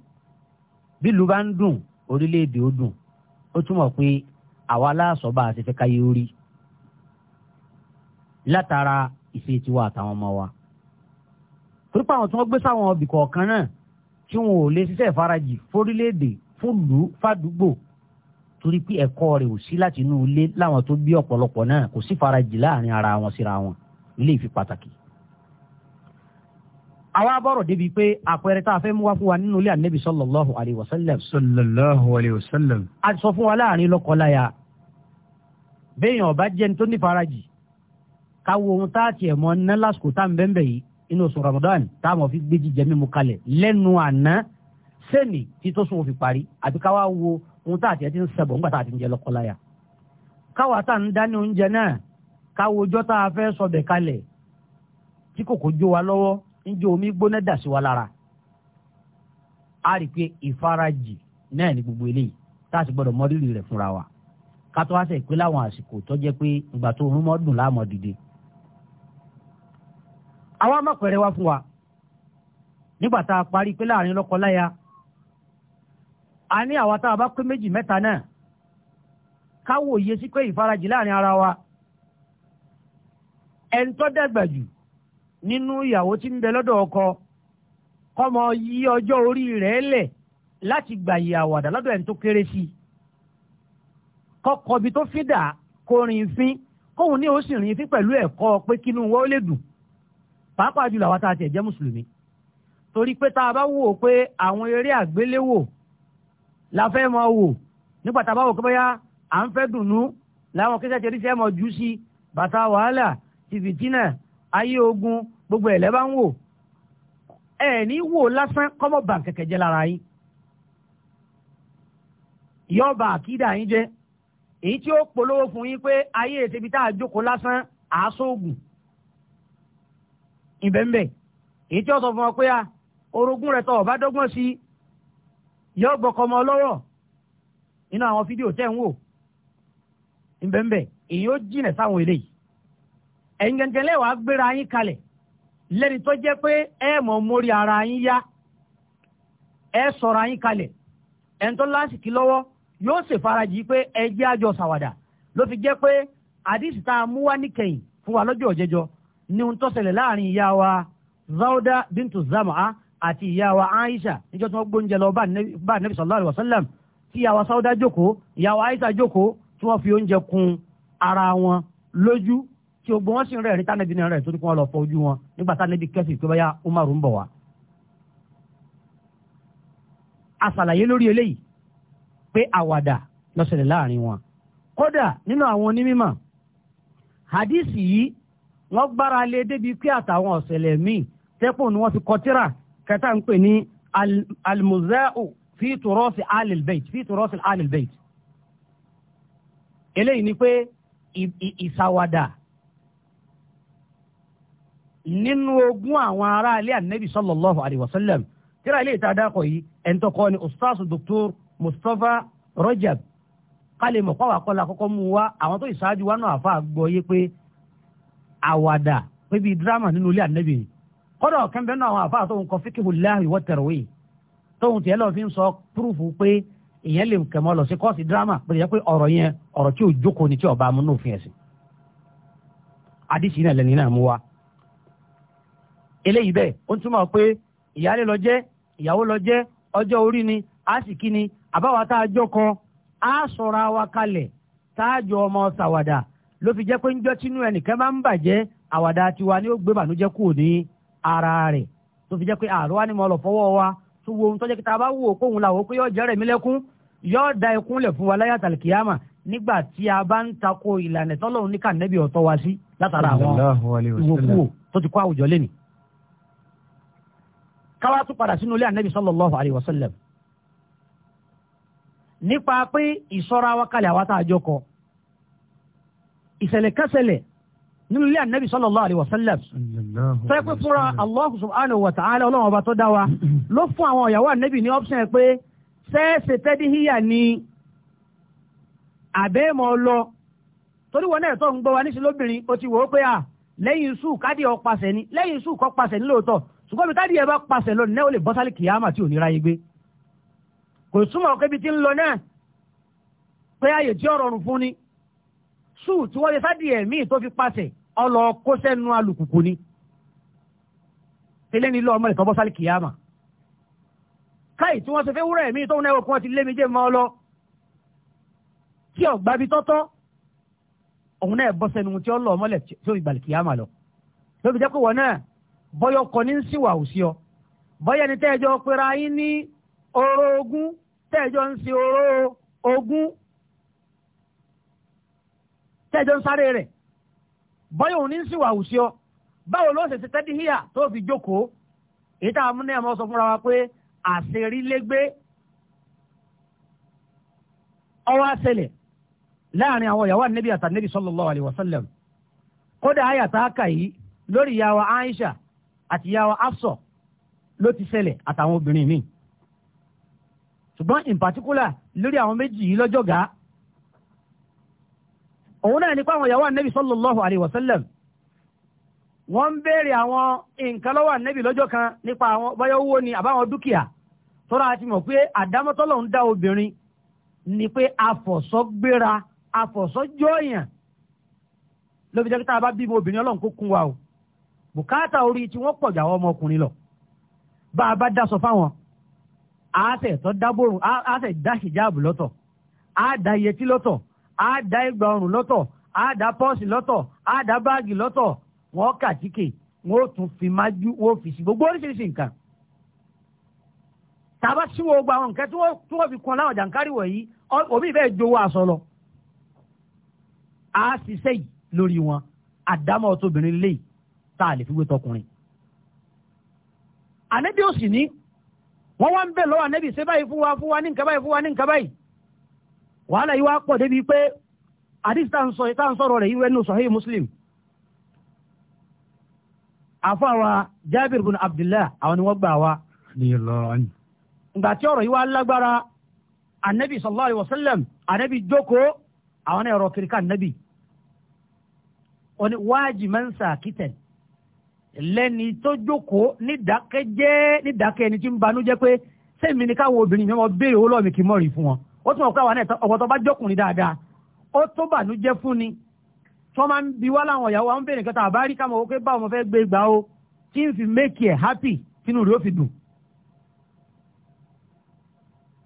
bílù bá ń dùn orílẹ̀-èdè ó dùn ó túmọ̀ pé àwa láàsọ bá a orí látara ìṣe tiwa àtàwọn ọmọ wa torípa àwọn tí wọ́n gbé sáwọn ọbì kọ̀ọ̀kan náà tí wọn ò lè ṣiṣẹ́ ìfarajì fórílẹ̀-èdè fúlùú fàdúgbò torí pé ẹ̀kọ́ rẹ̀ ò sí láti inú ilé láwọn tó bí ọ̀pọ̀lọpọ̀ náà kò sí farajì láàrin ara wọn síra wọn ilé ìfi pàtàkì. àwa bọ̀rọ̀ débi pé àpẹẹrẹ tá a fẹ́ mú wá fún wa nínú ilé ànẹ́bí sallallahu alayhi wa sallam. sallallahu alayhi wa sallam. a sọ fún wa láàrin lọ́kọláya béèyàn ọba jẹ́ni tó ní farajì káwo ohun tá a tiẹ̀ mọ́ ná lásìkò tá à ń bẹ́ẹ̀ bẹ́ẹ̀ yìí inú oṣù Ramadan táwọn fi gbé jíjẹ mímu kalẹ̀ lẹ́nu àná sẹ́ni tí tó sùn òfin parí àbí káwá wo ohun tá àti ẹ ti ń sẹ̀bọ̀ nígbà tá àti ń jẹ lọ́kọ́láyà káwa tá à ń dání oúnjẹ náà káwo ọjọ́ tá a fẹ́ sọbẹ̀ kalẹ̀ tí kòkó jó wa lọ́wọ́ ń jó omi gbóná dà sí wa lára a rí pé ìfarajì náà ni gbogbo eléyìí tá a sì gbọ́dọ̀ mọ rírì rẹ̀ fúnra wa ká tó wá sẹ̀ pé láwọn àsìkò tó jẹ́ pé ìgbà tó oorun dùn láàmọ́ dìde awa ma pẹ̀rẹ̀ wá fún wa nígbà tá parí pé láàrin lọ́kọ-láya a ní àwa tá bá pé méjì mẹ́ta náà ká wòye sí pé ìfarajì láàrin ara wa ẹni tó dàgbà jù nínú ìyàwó tí ń bẹ lọ́dọ̀ ọkọ kọ́mọ yí ọjọ́ orí rẹ̀ lẹ̀ láti àwàdà lọ́dọ̀ ẹni tó fi dà kó fín ní ó sì fín pẹ̀lú ẹ̀kọ́ pé kínú pàápàá jùlọ àwọn tá a tiẹ̀ jẹ́ mùsùlùmí torí pé tá a bá wò pé àwọn eré àgbéléwò la fẹ́ mọ wò nígbà tá a bá wò ó pé bóyá à ń fẹ́ dùnú làwọn kéṣẹ́ tẹ̀lé fẹ́ mọ jù sí bàtà wàhálà tìfìtínà ayé ogun gbogbo ẹ̀lẹ́ bá ń wò ẹ̀ ní wò lásán kọ́mọ̀ bà kẹ̀kẹ́ jẹ́ lára yín yọba àkídà yín jẹ́ èyí tí ó polówó fún yín pé ayé ètèbí tá a jókòó lásán àásóògùn ìbẹ́ńbẹ́ èyí tí sọ fún wa pé a orogún rẹ̀ tọ̀ ọ̀bá dọ́gbọ́n sí yọ gbọ̀kọ̀mọ lọ́wọ́ nínú àwọn fídíò tẹ́ ń wò ìbẹ́ńbẹ́ èyí ó jìnà sáwọn eléyìí ẹ̀yin gẹ́gẹ́ lẹ́wàá gbéra yín kalẹ̀ lẹ́ni tó jẹ́ pé ẹ mọ̀ mórí ara yín yá ẹ sọ̀rọ̀ yín kalẹ̀ ẹni tó lásìkí lọ́wọ́ yóò ní ohun tó ṣẹlẹ̀ láàrin ìyá wa Zawda bintu Zamaa àti ìyá wa Aisha níjọ́ tí wọ́n gbóúnjẹ lọ bá Nabi sallallahu alaihi wasallam tí ìyá wa Zawda jókòó ìyá wa Aisha jókòó tí wọ́n fi oúnjẹ kun ara wọn lójú tí ogun wọn sì ń rẹ̀rin tánàbí náà rẹ̀ torí kí wọ́n lọ fọ ojú wọn nígbà tánàbí kẹ́sì pé báyà Umaru ń bọ̀ wá. àṣàlàyé lórí eléyìí pé àwàdà ló láàrin wọn kódà nínú àwọn onímọ̀ hadisi yìí wọ́n gbára lé débi pé àtàwọn ọ̀sẹ̀lẹ̀ míì tẹ́pọ̀ ni wọ́n fi kọtíra kẹta ń pè ní almuzau fi turasi alil bait fi turasi alil bait eléyìí ni pé ìsàwàdà nínú ogún àwọn ará ilé ànábì sallallahu alayhi wa sallam tíra ilé ìta dákọ̀ yìí ẹ̀ńtọ́ kọ́ ni ustaz dr mustapha rajab kálí mọ̀kọ́wà kọ́lá kọ́kọ́ mú wa àwọn tó ìṣáájú wa náà àfa gbọ́ yé pé àwàdà pé bíi dírámà nínú ilé ànábì ni kọ́dọ̀ ọ̀kan bẹ́ẹ̀ náà àwọn àfáà tóun kọ fíkìhù láàyè wọ́n tẹ̀rọ fi ń sọ púrúfù pé èèyàn lè kẹ̀mọ́ lọ sí kọ́ọ̀sì dírámà pé pé ọ̀rọ̀ yẹn ọ̀rọ̀ tí ò jókòó ni tí ọba amúnú òfin ẹ̀sìn adísì lẹ́ni náà mú wa eléyìí bẹ́ẹ̀ ó ń túmọ̀ pé ìyáálé lọ jẹ́ ìyàwó lọ jẹ́ ọjọ́ orí ni ni àbáwá a ló fi jẹ́ pé ńjọ́ tínú ẹnìkan bá ń bàjẹ́ àwàdà tiwa ni ó gbé bànújẹ́ kù ní ara rẹ̀ tó fi jẹ́ pé àrò wa ni mo lọ fọwọ́ wa tó wo ohun tó jẹ́ kí ta bá wò kóhun làwọn pé yóò jẹ́rẹ̀ mí lẹ́kún yóò da ikún lẹ̀ fún wa láyà tàlìkìyàmà nígbà tí a bá ń tako ìlànà tọ́lọ́run ní kànẹ́bì ọ̀tọ́ wa sí látara àwọn ìwòkúwò tó ti kó àwùjọ lẹ́nìí káwá tún padà sínú ilé ànẹ́bí sallallahu alaihi wasallam nípa pé ìsọ́ra wa kalẹ̀ àwa ìṣẹ̀lẹ̀ kẹsẹ̀lẹ̀ nínú ilé ànábì sallallahu alaihi wasallam fẹ́ pé fúnra Allah subhanahu wa ta'ala ọlọ́run ọba tó dá wa [CLEARS THROAT] ló fún àwọn ìyàwó ànábì ní option pé ṣẹ́ẹ̀ṣẹ̀ tẹ́díhíyà ni àbẹ́ẹ̀mọ̀ lọ torí wọn náà tó ń gbọ́ wa níṣẹ́ lóbìnrin o ti wò ó pé à lẹ́yìn sùn kádìí ọ pàṣẹ ni lẹ́yìn sùn kọ́ pàṣẹ ní lóòótọ́ ṣùgbọ́n mi kádìí ẹ bá pàṣẹ lọ nẹ́ ò lè bọ́ sálì kìyàmà tí ò ní ráyé gbé kò túmọ̀ kébi tí ń lọ náà pé àyè tí ọ̀rọ̀ ọ̀run fún ni sùn tí wọ́n lè fẹ́ díẹ̀ míì tó fi pàṣẹ ọlọ kó sẹ́nu alùpùpù ni tẹ́lẹ̀ nílò ọmọ ìtọ́bọ́ sálì kìyàmà káì tí wọ́n ti fẹ́ wúrọ̀ ẹ̀mí tó ń náwó kí wọ́n ti lé mi jẹ́ mọ́ ọ lọ tí ọ̀gbá bi tọ́tọ́ òun náà bọ́ sẹ́nu tí ó lọ ọmọlẹ̀ tí fi gbàlì kìyàmà lọ ló fi jẹ́ pé wọ́n náà bọ́yọ̀ kọ ní síwà òsì ọ bọ́yọ̀ ni tẹ́ẹ̀jọ́ pera yín ní oró ogún tẹ́ẹ̀jọ́ ń sin oró ogún tẹ́jọ́ ń sáré rẹ̀ bọ́yọ̀ òní ń sì wà òsì ọ báwo ló ṣe ṣe tẹ́dí híyà tó fi jókòó èyí tá a mú ní ẹ̀mọ́ sọ fúnra wa pé àṣerílégbé ọwọ́ àṣẹlẹ̀ láàrin àwọn ìyàwó ànẹ́bí àtànẹ́bí sallallahu alaihi wasallam kódà àyà tá a kà yìí lórí ìyàwó Aisha àti ìyàwó Afsọ ló ti ṣẹlẹ̀ àtàwọn obìnrin míì ṣùgbọ́n in particular lórí àwọn méjì yìí lọ́jọ́ gàá òun náà ní pé àwọn ìyàwó ànẹ́bì sallallahu alaihi wasallam wọ́n ń béèrè àwọn nǹkan lọ́wọ́ ànẹ́bì lọ́jọ́ kan nípa àwọn bóyá owó ni àbáwọn dúkìá tọ́ra àti mọ̀ pé àdámọ́tọ́lọ̀ ń dá obìnrin ni pé afọ̀sọ́gbéra afọ̀sọ́jọ́yàn lóbi jẹ́ kí tá a bá bímọ obìnrin ọlọ́run kó kún wa o bùkátà orí tí wọ́n pọ̀ ọmọkùnrin lọ bá a bá dáṣọ fáwọn àásẹ̀ tó dábòrò àásẹ̀ dá hijab lọ́tọ̀ àádá yẹtí lọ́tọ̀ á dá ìgbà ọrùn lọ́tọ̀ á dá pọ́ọ̀sì lọ́tọ̀ á dá báàgì lọ́tọ̀ wọ́n kà tíkè wọ́n tún fi májú wọ́n fi sí gbogbo oríṣiríṣi nǹkan. tàbá sí wo gba àwọn nǹkan tí wọ́n fi kún láwọn jàǹkárì wọ̀nyí òbí ìfẹ́ jowó aṣọ lọ. a ṣiṣẹ́ yìí lórí wọn àdámọ́ tóbìnrin lè tá a lè fi wé tọkùnrin. ànẹ́bí ò sì ní wọ́n wá ń bẹ̀ lọ́wọ́ ànẹ́bí ṣe báyìí fún wa fún wa ní nǹkan báyìí fún wa ní nǹkan báyìí wàhálà yìí wá pọ̀ débi pé àdìsí tá à ń rẹ̀ yìí wẹ́nu sọ̀hẹ́ muslim àfàwà jábìr bin abdullah àwọn ni wọ́n gbà wá. ìgbà tí ọ̀rọ̀ yìí wá lágbára anabi sallallahu alayhi wa sallam anabi jókòó àwọn ẹ̀rọ kiri anabi oni wáàjì máa ń sàkítẹ̀ lẹ́ni tó jókòó nídàkẹ́jẹ́ nídàkẹ́ ẹni tí ń banújẹ́ pé sẹ́mi ni káwọn obìnrin mi wọ́n béèrè owó lọ́ọ̀mì kì í mọ̀rì fún wọn ó tún ọ̀pẹ́ àwọn ọ̀pọ̀ tó bá jọkùnrin dáadáa ó tó bànújẹ́ fún ni tó máa ń bi wá láwọn ìyàwó àwọn bèèrè kẹta àbárí ká mọ̀ wọ́n pé báwọn ọmọ fẹ́ gbé gbà ó tí ń fi make ẹ̀ happy tínú rẹ̀ ó fi dùn.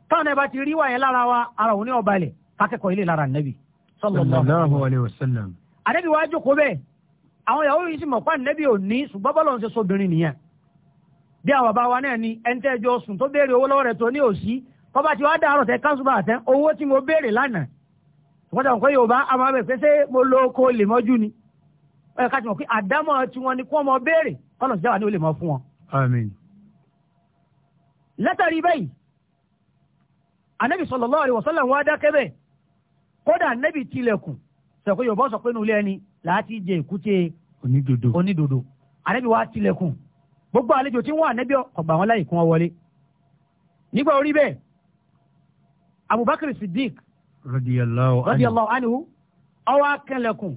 táwọn ẹ̀ bá ti rí wàyẹn lára wa ara òun ní ọba ilẹ̀ kákẹ́kọ̀ọ́ ilé lára nẹ́bì sallallahu alayhi wa sallam. àdẹ́bí wàá jókòó bẹ́ẹ̀ àwọn ìyàwó yìí sì mọ̀ pa nẹ́bì ò ní ṣùgbọ́n bọ́lọ̀ ń ṣe sóbìnrin nìyẹn bí àwọn bàbá wa náà ni ẹni tẹ́jọ́ sùn tó béèrè owó lọ́wọ́ rẹ̀ tó ní òsì tọ́ba ti wá dàárọ̀ tẹ káńsùbà àtẹ owó tí mo béèrè lánàá wọ́n dàgbọ́n pé yorùbá àmọ́ abẹ pé ṣé mo lo oko lè mọ́jú ni ẹ ká ti mọ̀ pé àdámọ̀ tí wọ́n ni kí wọ́n mọ béèrè kọ́nà sí jáwàá ni ó lè mọ fún wọn. àmín. látàrí báyìí anabi sallallahu alaihi wasallam wá dákẹ́ bẹ́ẹ̀ kódà anabi tilẹ̀kùn sọ̀kọ́ yorùbá sọ pé nu ilé ẹni láti jẹ èkúté onídodo anabi wá tilẹ̀kùn gbogbo àlejò tí wọ́n anabi ọgbà wọn láyè kí wọ́n wọlé nígbà orí bẹ́ẹ̀ abubakar siddiq radiyallahu anhu ọwọ́ akẹ́lẹ̀kùn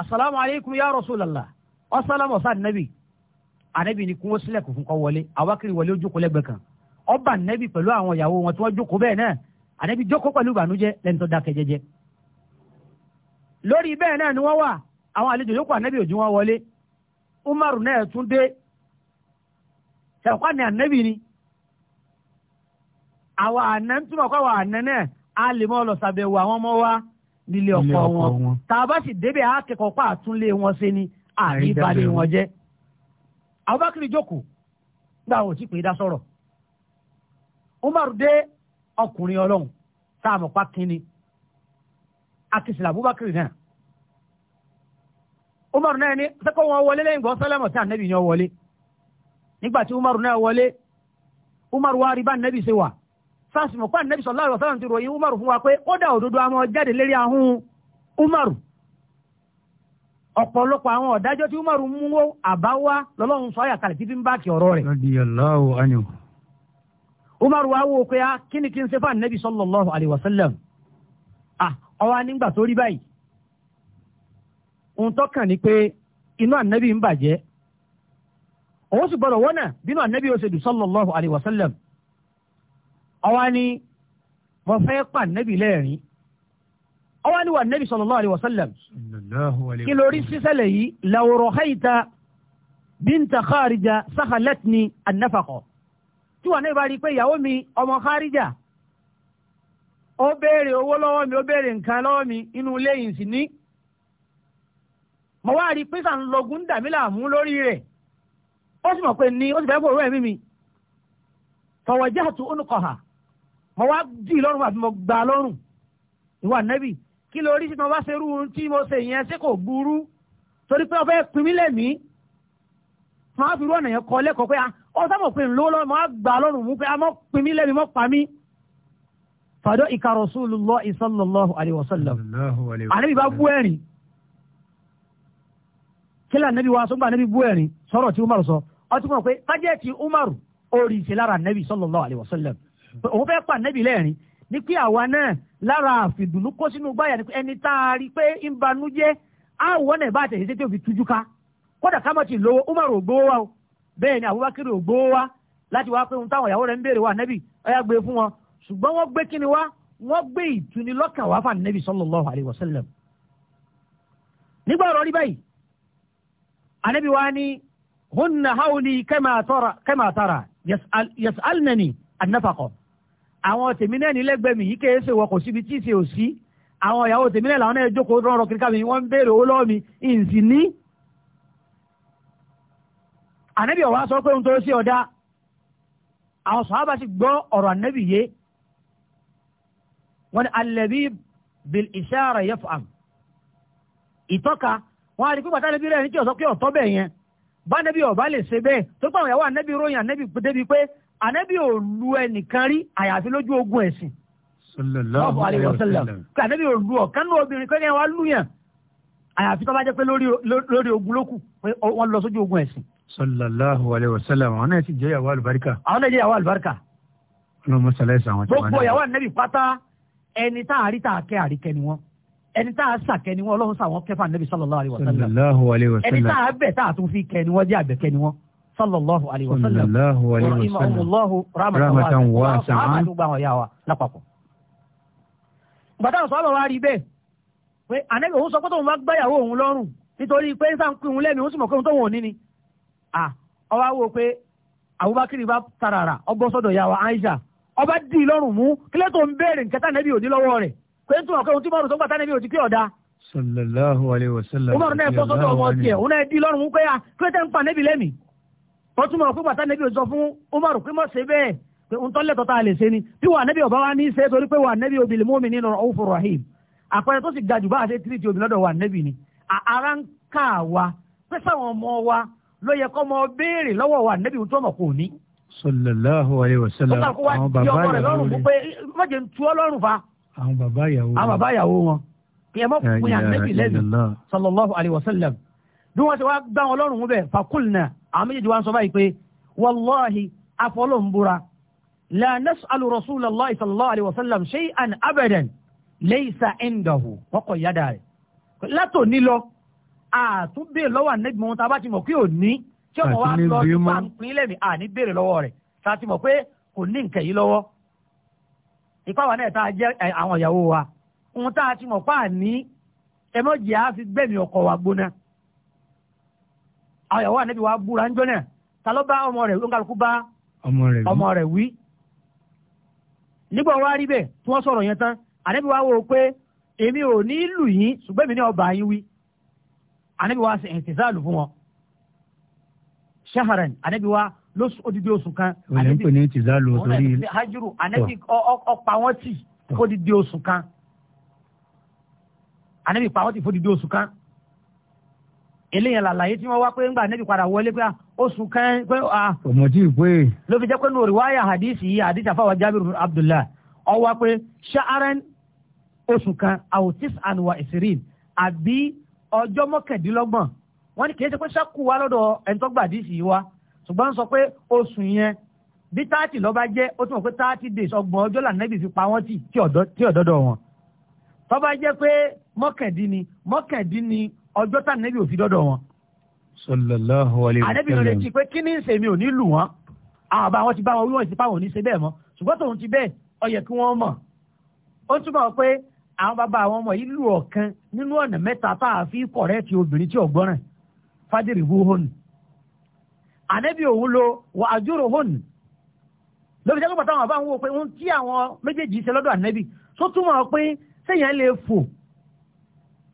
asalaamu aleykum ya rasulallah ọsàlámù ọ̀sá ànábì ànábì ni kún ó sílẹ̀kùn fún kọ́ wọlé abubakar wọlé ó jókòó lẹ́gbẹ̀ẹ́ kan ọba ànábì pẹ̀lú àwọn ìyàwó wọn tí wọ́n jókòó bẹ́ẹ̀ náà ànábì jókòó pẹ̀lú ìbànújẹ́ lẹ́ni tó dákẹ́ jẹ́jẹ́ lórí bẹ́ẹ̀ náà ni wọ́n wà àwọn àlejò yòókù ànábì òjú wọn wọlé umaru náà tún dé sẹ̀kọ́ ni ni àwa àná túmọ̀ kọ́ àwa àná náà a lè mọ́ lọ sàbẹ̀wò àwọn ọmọ wa nílé ọkọ wọn tá a bá sì débẹ̀ á kẹ́kọ̀ọ́ pa àtúnlé wọn ṣe ni àní balẹ̀ wọn jẹ́. Abubakar jókòó nígbà wo tí pè é dá sọ̀rọ̀ Umar dé ọkùnrin ọlọ́run tá a mọ̀ pa kínni akísìlá Abubakar náà Umar náà ní sẹ́kọ̀ wọn wọlé lẹ́yìn gbọ́ sálámọ̀ tí ànábì yẹn wọlé nígbà tí Umar náà wọlé Umar wá rí bá ànábì ṣe wà sásìmọ̀ pàdé nẹ́bí sallallahu alaihi wasallam ti ròyìn umaru fún wa pé kódà òdodo àmọ́ jáde lérí ahun umaru ọ̀pọ̀lọpọ̀ àwọn ọ̀dájọ́ tí umaru mú wó àbáwá lọ́lọ́run sọ àyàkálẹ̀ títí ń bá kí ọ̀rọ̀ rẹ̀. radiyallahu anhu. umaru wa wo pé ah, kí ni kí n ṣe fún nẹ́bí sallallahu alaihi wasallam ọwọ́ ah, nígbà tó rí báyìí ohun tó kàn ní pé inú ànẹ́bí ń bàjẹ́ òun sì gbọ́dọ̀ wọ́nà bínú ànẹ́bí ó ṣe dù sallallahu alaihi wasallam ọwọ́ ni mo fẹ́ pa nẹ́bì lẹ́ẹ̀rin ọwọ́ ni wà nẹ́bì sallallahu alaihi wasallam kí lórí sísẹ́lẹ̀ yìí làwòrán haita bínta kárìjà sáhàlẹ́tìní ànáfàkọ̀ tí wà nẹ́bì bá rí pé ìyàwó mi ọmọ kárìjà ó béèrè owó lọ́wọ́ mi ó béèrè nǹkan lọ́wọ́ mi inú ilé yìí sì ní wá rí pé sàn lọgùn dàmí làmú lórí rẹ̀ ó sì mọ̀ pé ní ó sì fẹ́ bòrò ẹ̀mí mi fọwọ́jà tó ó nù mo wá jì lọ́rùn àti mo gbà lọ́rùn ìwà nẹ́bì kí ló rí sí mo bá ṣe irú tí mo ṣe yẹn ṣé kò burú torí pé ọbẹ̀ pinmi lèmi máa fi irú ọ̀nà yẹn kọ lẹ́kọ̀ọ́ pé ọ̀sán ah, mo pè ń lówó lọ́rùn mo wá gbà lọ́rùn mú pé a ah, mọ̀ pinmi lèmi mọ̀ pa mí fàdọ́ ìka rasulullah sallallahu alayhi wa sallam àníbi bá bú ẹ̀rín kí lóò àníbi wa sọ́gbà àníbi bú ẹ̀rín sọ̀rọ̀ tí umaru sọ ọtí mọ̀ pé tájẹ́ẹ̀tì umaru orí lára àníbi sallallahu alayhi wa òun fẹ́ pa nẹ́bí lẹ́rìn ní pé àwa náà lára àfìdùnú kó sínú gbáyà ni pé ẹni tá a rí pé ń banújẹ́ àwọn náà bá tẹ̀lé sí tí ò fi tújú ká kódà ká mọ̀ tí lówó Umar ò gbówó wa o bẹ́ẹ̀ ni Abubakar ò gbówó wa láti wá pé ohun táwọn ìyàwó rẹ̀ ń béèrè wa nẹ́bí ọ̀yà gbé e fún wọn ṣùgbọ́n wọ́n gbé kíni wá wọ́n gbé ìtunilọ́kàn wá fún nẹ́bí sallallahu alaihi wasallam nígbà ọ̀rọ̀ báyìí anabi wa ni hunna hawli kama yas'alnani an-nafaqa àwọn tèmi náà nílẹ́gbẹ̀ẹ́ mi yìí kéé ṣe wọkọ̀ síbi tí ṣe ò sí àwọn ìyàwó tèmi náà làwọn náà jókòó rọrọ kíríkà mi wọ́n ń béèrè owó lọ́wọ́ mi ìǹsì ní. ànábì ọ̀wá sọ pé ohun tó ṣe ọ̀dà àwọn sọ̀hábà sì gbọ́ ọ̀rọ̀ ànábì yé wọ́n ní alẹ́bí bil ìṣára yẹ fàm ìtọ́ka wọ́n á pípa tálẹ́bí rẹ̀ ní kí ọ̀sọ́ pé ọ̀tọ́ bẹ̀ yẹn bá ànábì ọ̀bá lè ṣe bẹ́ẹ̀ tó pàwọn ànábì ò lu ẹnìkan rí àyàfi lójú ogun ẹ̀sìn. sallallahu alaihi wasallam kí ànábì ò lu ọ̀kan náà obìnrin kẹ́ni ẹ̀ wá lù yàn àyàfi tó bá jẹ́ pé lórí ogun ló kù wọ́n lọ sójú ogun ẹ̀sìn. sallallahu alaihi wasallam àwọn náà ti jẹ́ ìyàwó àlùbáríkà. àwọn náà jẹ́ ìyàwó àlùbáríkà. ọlọmọ sàlẹ̀ sàn wọn. gbogbo ìyàwó ànábì pátá ẹni tá a rí tá a kẹ́ àríkẹ́ ni wọ́n ẹni tá a sà kẹ́ ni wọ́n ọlọ́run sà wọ́n kẹfà ànábì sallallahu alaihi wasallam. sallallahu alaihi ẹni tá a bẹ̀ tá a tún fi kẹ́ ni wọ́n jẹ́ àgbẹ̀kẹ́ ni wọ́n. sallallahu alayhi wa sallam rahima umulahu rahmatan wa sàmà ló gbà wọn yà wa lápapọ̀. gbàtà a wa rí bẹ́ẹ̀ pé ànẹ́gbẹ̀ òun sọ pé tóun bá gbáyàwó òun lọ́rùn nítorí pé ń pín òun lẹ́mìí òun sì mọ̀ pé òun tóun ò ní ni. ọba wo pé Abubakar bá tarara ọgbọ́n sọ́dọ̀ yà wa Aisha ọba dì í lọ́rùn mú kílẹ̀ tó ń béèrè nkẹta nẹ́bí òní lọ́wọ́ rẹ̀ pé ń túmọ̀ pé òun tí mọ̀rùn wọ́n tún mọ̀ pé bàtà nẹ́bí sọ fún Umaru pé mọ̀ ṣe bẹ́ẹ̀ pé ń tọ́lẹ̀ tọ́ta lè ṣe ni bí wà nẹ́bí ọba wa ní í ṣe torí pé wà nẹ́bí obì lèmọ́mì nínú ọ̀hún rahim àpẹẹrẹ tó sì ga jù bá a tiri ti obì lọ́dọ̀ wà nẹ́bí ni ara ń kà wá pé sáwọn ọmọ wa ló yẹ kọ́ mọ béèrè lọ́wọ́ wà nẹ́bí tó mọ̀ kò ní. sallallahu àwọn bàbá ìyàwó àwọn méjèèjì wá ń sọ báyìí pé wàláhi afọlọ́mbura la nas'alu rasulallah sallallahu alayhi wa sallam shay'an abadan laysa indahu wọ́n kọ̀ yádà rẹ̀ látò ní lọ àtúnbè lọ́wọ́ ànẹ́gbẹ̀ wọn tá a bá ti mọ̀ pé ò ní tí ọmọ wa lọ nípa ìpínlẹ̀ mi àní béèrè lọ́wọ́ rẹ̀ tá a ti mọ̀ pé kò ní nǹkan yìí lọ́wọ́ ìpá wa náà tá a jẹ́ eh, àwọn ìyàwó wa ohun tá a ti mọ̀ pé àní ẹmọ́jì á fi gbẹ̀mí ọkọ wa gbóná àwọn ìyàwó ànábì wa búra ń jọ́nà ta ló bá ọmọ rẹ̀ ló ń kálukú bá ọmọ rẹ̀ wí. nígbà wá rí bẹ́ẹ̀ tí wọ́n sọ̀rọ̀ yẹn tán ànábì wa wò ó pé èmi ò ní lù yín ṣùgbọ́n èmi ní ọba yín wí ànábì wa ṣe ìtìsáàlù fún wọn. shaharan ànábì wa ló odidi oṣù kan. wọ́n ń pè ní ìtìsáàlù torí. hajuru ànábì ọ̀pá wọn tì fódidi oṣù kan ànábì pa wọn tì fódidi oṣù kan eléyàn làlàyé tí wọn wá pé ńgbà níbi padà wọlé pé ah, oṣù kan pé a. Ah. ọmọ tí ì pé. ló fi jẹ́ pé nùrí wáyà hadisi yìí hadisi àfàwà jábìrì abdullah ọwọ́ pé ṣáárẹ́n oṣù kan autis anwa isirin àbí ọjọ́ mọ́kàndínlọ́gbọ̀n wọ́n ní kì í ṣe pé ṣáàkù wa lọ́dọ̀ ẹ̀ńtọ́gbà hadisi yìí wa ṣùgbọ́n sọ pé oṣù yẹn bí táàtì lọ́ba jẹ́ ó tún mọ̀ pé táàtì days ọgbọ̀n ọjọ́ làǹdẹ́bì fi pa wọ́n ọjọ́ tá nẹ́bí òfin dọ́dọ̀ wọn. sallallahu alayhi wa sallam àdébìnrin rẹ̀ ti pé kí ní sèmi ò ní lù wọ́n àwọn àbá wọn ti bá wọn wíwọ̀n ìsìnpá wọn ò ní ṣe bẹ́ẹ̀ mọ́ ṣùgbọ́n tòun ti bẹ́ẹ̀ ó yẹ kí wọ́n mọ̀ ó túmọ̀ pé àwọn bàbá àwọn ọmọ yìí lù ọ̀kan nínú ọ̀nà mẹ́ta tá a fi kọ̀rẹ́ẹ̀tì obìnrin tí ọ̀gbọ́ràn fádìrì hu hon àdébì òun lo wà àjúrò hon lóbi jẹ́ pé pàtàkùn àbá wọn wò pé ohun tí àwọn méjèèjì ṣe lọ́dọ̀ ànẹ́bì tó túmọ̀ pé sẹ́yìn lè fò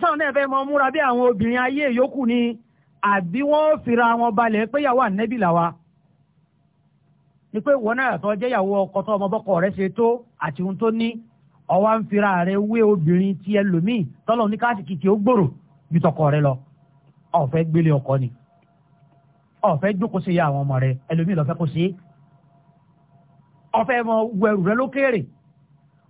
sáwọn náà fẹ́ mọ múra bí àwọn obìnrin ayé yòókù ni àbí wọ́n fira wọn balẹ̀ pé yàwó ànẹ́bì làwa ni pé wọn náà tó jẹ́ yàwó ọkọ tó ọmọ bọ́kọ rẹ̀ ṣe tó àti ohun tó ní ọwọ́ ń fira rẹ̀ wé obìnrin tí ẹlòmíì tọ́lọ̀ ní káàsì kìkì ó gbòòrò ju tọkọ rẹ̀ lọ ọ̀fẹ́ gbélé ọkọ ni ọ̀fẹ́ jókòó sí àwọn ọmọ rẹ̀ ẹlòmíì lọ́fẹ́ kó sí ọ̀fẹ́ mọ wẹrù rẹ̀ lókèrè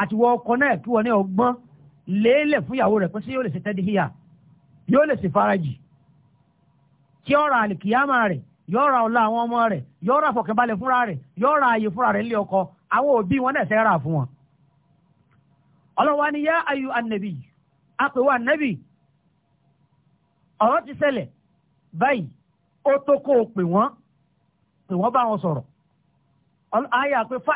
àti wọ ọkọ náà kí wọn ní ọgbọ́n léèlẹ̀ fún ìyàwó rẹ̀ pé sí yóò lè ṣe tẹ́dí híyà yóò lè ṣe farajì kí ọ̀rọ̀ àlìkìyàmà rẹ̀ yóò ra ọ̀la àwọn ọmọ rẹ̀ yóò ra àfọ̀kànbalẹ̀ fúnra rẹ̀ yóò ra ààyè fúnra rẹ̀ nílé ọkọ àwọn òbí wọn náà fún wọn. ni yá ayu anabi anabi ọ̀rọ̀ ti báyìí ó tó kó o pè wọ́n pè wọ́n bá wọn sọ̀rọ̀ ayé àpè fa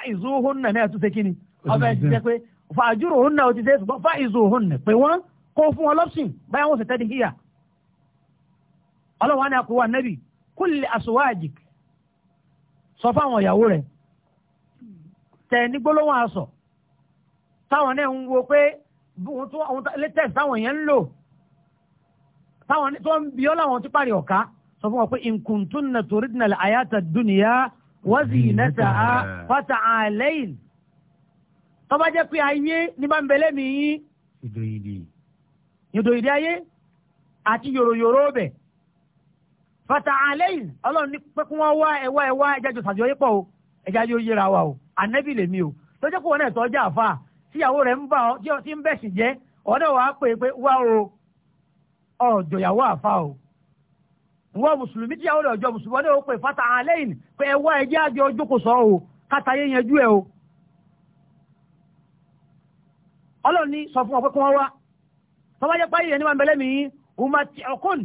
ọbẹ̀ ti jẹ́ pé fàájúrò òun náà ti dé ṣùgbọ́n fà ìzò òun nì pé wọ́n kó fún wọn lọ́sìn báyà wọ́n sì tẹ́ di híyà ọlọ́wọ́n ni àkówó ànábì kúlẹ̀ àsùwájì sọ fáwọn ìyàwó rẹ̀ tẹ̀ ní gbólóhùn aṣọ táwọn náà ń wo pé latest táwọn yẹn ń lò táwọn tó ń bí ọ́ làwọn ti parí ọ̀ka sọ fún wọn pé nkuntunna toridinal ayata duniya wazinata fata'alayin. tọ́ba jẹ́ pé ayé ní bá ń bẹ̀lẹ́ mi yín yòdòyìdì ayé àti yòròyòrò bẹ̀ fata alẹ́yìn ọlọ́run ní pé kí wọ́n wá ẹwà ẹwà ẹja jọ sàjọ yípo o ẹja yóò yẹra wa o ànẹ́bì o kó wọn náà àfa tíyàwó ń tí ń ọ wàá pè pé wá o àfa o mùsùlùmí tíyàwó mùsùlùmí fata pé ọlọ́run ní sọ fún ọ pé kí wọ́n wá tọ́wọ́ jẹ́ páyé ẹni máa ń bẹ̀lẹ́ mi yín òun máa ti ọkùn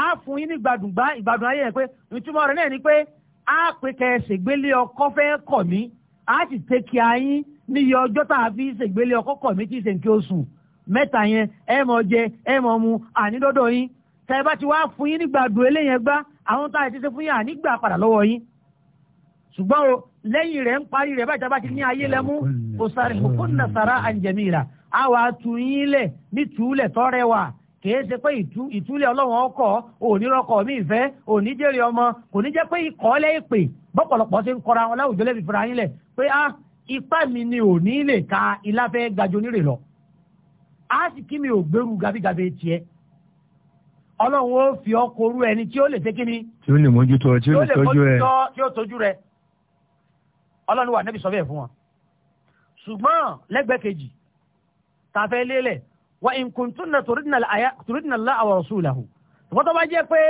á fún yín ní gbádùn gbá ayé yẹn pé ìtumọ̀ rẹ̀ náà ni pé á pè kẹ́ ẹ ṣègbélé ọkọ fẹ́ kọ̀ mí á sì tẹ́ kí a yín níyẹ ọjọ́ tá a fi ṣègbélé ọkọ kọ̀ mí tí ì ṣe nǹkan oṣù mẹ́ta yẹn ẹ mọ̀ jẹ ẹ mọ̀ mu ànídọ́dọ̀ yín tẹ́ ẹ bá ti wá fún yín ní gbádùn eléyẹn gbá àwọn tá a ti ṣe fún yín ànígbà padà lọ́wọ́ yín ṣùgbọ́n o lẹ́yìn rẹ̀ ń parí rẹ̀ báyìí tábà ti ní ayé lẹ́mú òsàrẹ̀ òkúnnà sara àǹjẹ̀mìlà a wà á tu yín lẹ̀ ní tùúlẹ̀ tọ́rẹ̀ wà kìí ṣe pé ìtúlẹ̀ ọlọ́run ọkọ̀ ònírọ́kọ̀ mi ìfẹ́ òníjèrè ọmọ kò ní jẹ́ pé ìkọ́lẹ̀ ìpè bọ́pọ̀lọpọ̀ ṣe ń kọra wọn láwùjọ lẹ́bi fúnra yín lẹ̀ pé a ipá mi ni ò ní lè ka ìláfẹ́ gajo nírè lọ a sì kí mi ò gbèrú gabigabe tiẹ̀ ọlọ́run ó fi ọkọ̀ orú ẹni tí ó lè ṣe kí ni. tí ó lè mójútó tí ó lè tọ́jú rẹ ọlọ́run wà nẹ́bí sọ bẹ́ẹ̀ fún wọn. ṣùgbọ́n lẹ́gbẹ̀ẹ́ kejì tàfẹ́ lélẹ̀ wa in kuntunna turidna Allaha wa rasulahu. tọ́tọ́ bá jẹ́ pé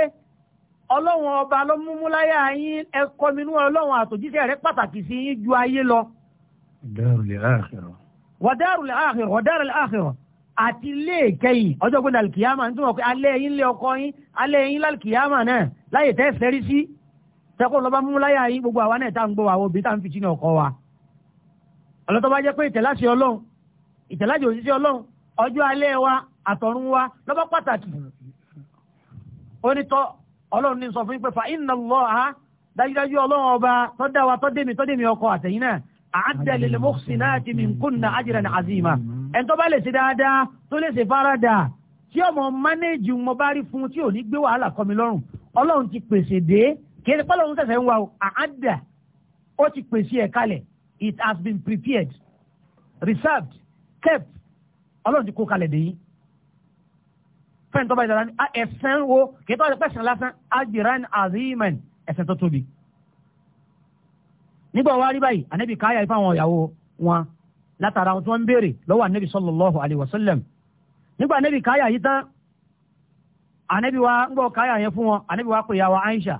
ọlọ́run ọba ló mú múláyà yín ẹ̀kọ́ mi nú ọlọ́run àtòjíṣẹ́ rẹ̀ pàtàkì sí yín ju ayé lọ. darul akhirah. wa darul akhirah wa darul akhirah àti ilé ìkẹyìn ọjọ́ gbọ́dọ̀ alkiyama ń túnmọ̀ pé alẹ́ yín lé ọkọ yín alẹ́ yín lálkiyama náà láyè tẹ́ fẹ́rí sí. tẹ́kọ̀ lọ́ba mú láyà yín gbogbo àwa náà tá gbọ́ wa fi ọkọ wa ọ̀nà jẹ́ pé ìtẹ̀láṣẹ ọlọ́run ìtẹ̀láṣẹ òṣìṣẹ́ ọlọ́run ọjọ́ alẹ́ wa àtọ̀run wa lọ́ba pàtàkì onítọ́ ọlọ́run ní sọ fún pé fa inna Allaha dájúdájú ọlọ́run ọba tọ́dá wa tọ́dẹ̀mí tọ́dẹ̀mí ọkọ àtẹ̀yìn náà kì í ṣe pálọ̀ ń sẹ̀sẹ̀ ń wa o àádà ó ti pèsè ẹ̀ kalẹ̀ it has been prepared reserved kept ọlọ́run ti kó kalẹ̀ dé yìí fẹ́ǹtọ́ bá ìdára ní ah, ẹ̀sán wo kì í tọ́ ọ̀rẹ́ pẹ̀sán lásán ajiran azimen ẹ̀sán tó tóbi nígbà wá rí báyìí ànábì káyà ifá àwọn ìyàwó wọn látara àwọn tí wọ́n ń béèrè lọ́wọ́ ànábì sallallahu alaihi wasallam nígbà ànábì káyà yìí tán ànábì wa ń gbọ́ káyà yẹn fún wọn ànábì wa pè ya wa Aisha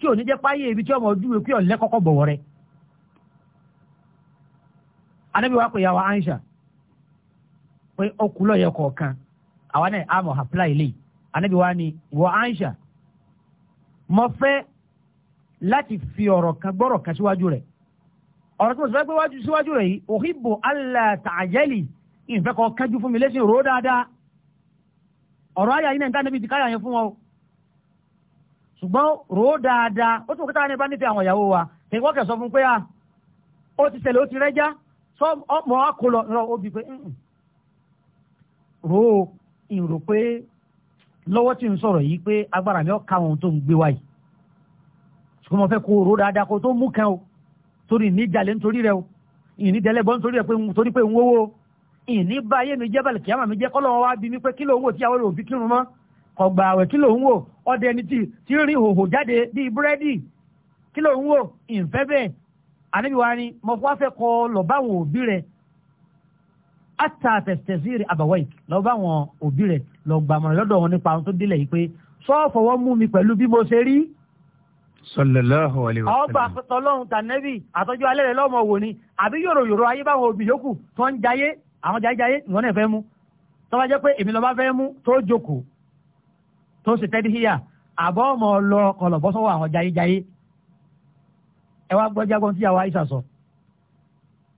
tí ò ní jẹ́ páyé ibi tí ọmọ ojúwe kí ọ̀lẹ́ kọ́kọ́ bọ̀wọ̀ rẹ̀ anábì wa kò yà wá Aisha pé ọkùnrin ọ̀yẹ kọ̀ọ̀kan àwa náà àmọ̀ apply lè anábì wa ni wọ Aisha mo fẹ́ láti fi ọ̀rọ̀ kan gbọ́rọ̀ kan síwájú rẹ̀ ọ̀rọ̀ tí mo sọ pé wájú síwájú rẹ̀ yìí òhìbò Allah ta'ajẹ́lì ìfẹ́ kọ́ kájú fún mi lẹ́sìn ròó dáadáa ọ̀rọ̀ ayé ayé náà ṣùgbọ́n rò ó dáadáa ó tún kíta ní bá nífẹ̀ẹ́ àwọn ìyàwó wa kí wọ́n kẹ̀ sọ fún pé à ah, ó ti tẹ̀lé ó ti rẹ́já sọ ọmọ akó lọ rọ obì pé mm, mm. rò ó ìrò pé lọ́wọ́ tí ń sọ̀rọ̀ yìí pé agbára mi ò ká ohun tó ń gbé wáyìí ṣùgbọ́n mo fẹ́ kó rò ó dáadáa kó tó mú kẹ́ o torí ní jalè nítorí rẹ o ìní dẹ́lẹ́bọ̀ nítorí rẹ pé torí pé ń wówó ìní báyé mi jẹ́ bàlẹ̀ kíyàmà mi jẹ́ kọ́lọ́wọ́ wá bí mi pé kí ló ń wò tí àwọn kọ̀gbà àwẹ̀ kí ló ń wò ọdẹ ẹni tí tí ń rí hòhò jáde bíi búrẹ́dì kí ló ń wò ìfẹ́ bẹ́ẹ̀ ànábì wa ni mo wá fẹ́ kọ́ lọ báwọn òbí rẹ̀ ata tẹ̀sítẹ̀sírì àbàwọ̀ yìí lọ báwọn òbí rẹ̀ lọ gbàmọ̀ràn lọ́dọ̀ wọn nípa ohun tó délẹ̀ yìí pé sọ́ọ̀fọ̀ wọn mú mi pẹ̀lú bí mo ṣe rí sọlẹlọhùn ọlẹwà sẹlẹ tó ń ṣe tẹ́díhíyà àbọ̀ ọmọ lọ kọlọ̀bọ́ sọ́wọ́ àwọn jayéjayé ẹ wá gbọ́ jágbọ́n tí yàwá Aisha sọ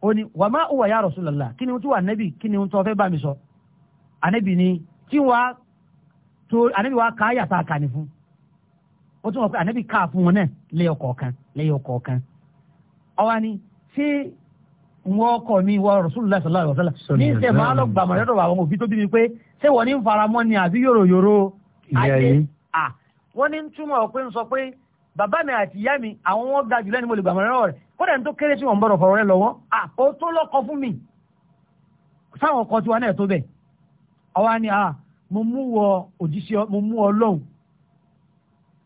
ó ní wà má òwò ya Rasulullah kí ni tó wà nẹ́bì kí ni tó fẹ́ bá mi sọ ànẹ́bì ni tí wàá tó ànẹ́bì wàá ká yàtà kàní fún ó tún wọ pé ànẹ́bì ká fún wọn náà lẹ́yọ kọ̀ọ̀kan lẹ́yọ kọ̀ọ̀kan ọwọ́ ni ṣé wọ́n kọ̀ mi wọ Rasulullah sallallahu alaihi wasallam ní sẹ́ máa lọ gbàmọ̀ lọ́dọ̀ àwọn òbí tó bí mi pé ṣé wọ́n ní faramọ́ ni àbí yòròyòrò ayé à wọ́n ní túmọ̀ pé ń sọ pé bàbá mi àti ìyá mi àwọn wọn ga jù lẹ́nu mo lè gbàmọ̀ lọ́wọ́ rẹ̀ kódà ní tó kéré tí wọ́n ń bọ̀rọ̀ fọ̀rọ̀ rẹ̀ lọ́wọ́ à ó tó lọ́kọ fún mi sáwọn ọkọ tiwa náà tó bẹ̀ àwa ni à mo mú wọ òjíṣẹ́ mo mú ọlọ́run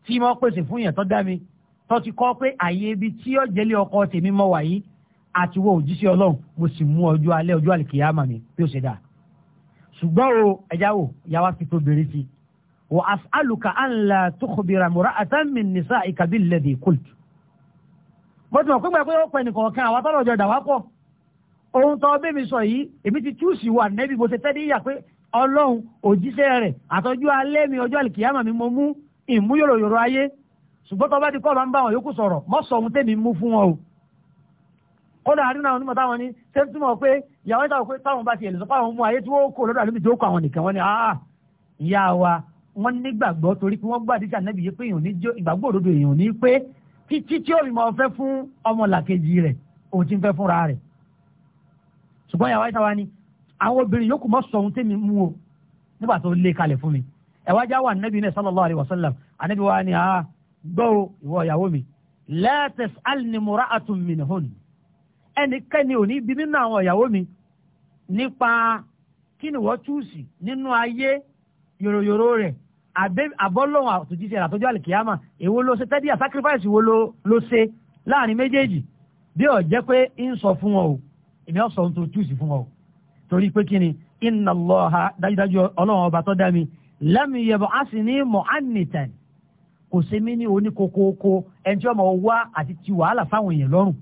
tí mo pèsè fún yẹn tó dá mi tó ti kọ́ pé àyè ibi tí ó jẹ́lé ọkọ tèmi mọ wàyí àti wọ òjíṣẹ́ ọlọ́run mo sì mú ọjọ́ alẹ́ ọjọ́ àlìkìyàmà mi bí ó ṣe dáa ṣùgbọ́n o ẹ̀já wò yàwá fi tó bèrè sí i wa أن لا تخبر مرأة من min بالذي قلت. qult mo ti mọ̀ pé gbàgbé ó pẹ́ nìkan kan àwọn tọ́lọ̀ ọjọ́ ìdàwà pọ̀ ohun tó bẹ́ẹ̀ mi sọ yìí èmi ti túùsì wà nẹ́bí mo ti tẹ́ níyà pé ọlọ́run òjíṣẹ́ rẹ̀ àtọ́jú alẹ́ mi ọjọ́ àlìkìyàmà mi mo mú ìmúyòròyòrò ayé ṣùgbọ́n tó bá ti kọ́ lọ ń bá wọn yòókù sọ̀rọ̀ mọ́ sọ ohun tẹ́mi mú fún wọn o kódà àdínà àwọn onímọ̀ táwọn ní ṣé ń túmọ̀ pé ìyàwó wọ́n nígbàgbọ́ torí pé wọ́n gbàdí sí ànábì yìí pé èèyàn ní jó ìgbàgbọ́ òdodo èèyàn ní pé títí tí òmìnira ọ̀fẹ́ fún ọmọlàkejì rẹ̀ òun ti ń fẹ́ fúnra rẹ̀ ṣùgbọ́n ìyàwó àìsàn wa ni àwọn obìnrin yòókù mọ́ sọ ohun tẹ́mi mú o nígbà tó lé kalẹ̀ fún mi ẹ̀wájá wà ànábì náà sallallahu alaihi wasallam ànábì wa ni a gbọ́ o ìwọ ìyàwó mi la tas'alni mura'atun minhun ẹnikẹ́ni ò ní bi nínú àwọn ìyàwó mi nípa kí ni wọ́n túùsì nínú ayé yòròyòrò rẹ̀ àbọ́lọ́hún àtòjíṣẹ́ àtòjọ́ àlìkìyàmà èwo ló ṣe tẹ́díà sacrifice wo ló ló ṣe láàrin méjèèjì bí ọ̀ jẹ́ pé ń sọ fún wọn o èmi ọ̀ sọ ohun tó túùsì fún wọn o torí pé kí ni inna Allaha dájúdájú ọlọ́run ọba tó dá mi lam yab'asni mu'annitan kò ṣe mí ní oníkókóókó ẹni tí ọmọ wá àti ti wàhálà fáwọn èèyàn lọ́rùn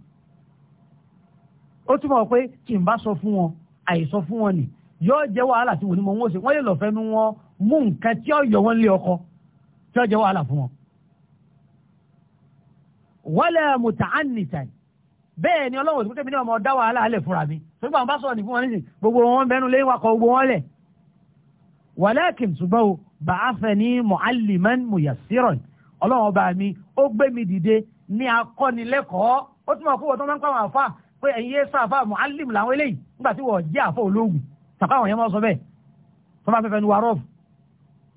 ó túmọ̀ pé kí n bá sọ fún wọn àìsọ fún wọn nì yóò jẹ́ wàhálà tí wọ́n ní mo ń wò ṣe wọ́n lè lọ́ọ́ fẹ́ nu wọn mú nǹkan tí ó yọ wọn lé ọkọ tí ó jẹ wàhálà fún wọn. wala muta'annitan bẹ́ẹ̀ ni ọlọ́wọ́ òsìkú tẹ̀mí ní ọmọ ọ̀dá wàhálà alẹ̀ fúnra mi sọ́gbà wọn bá sọ̀rọ̀ ní fún wọn nísìn gbogbo wọn bẹnu lé wakọ̀ gbogbo wọn lẹ̀. walakin ṣùgbọ́n o ba'athani mu'alliman muyassiran ọlọ́wọ́ bá mi ó gbé mi dìde ní akọ́nilẹ́kọ̀ọ́ ó túnmọ̀ kó wọ́n tó máa ń pa àwọn pé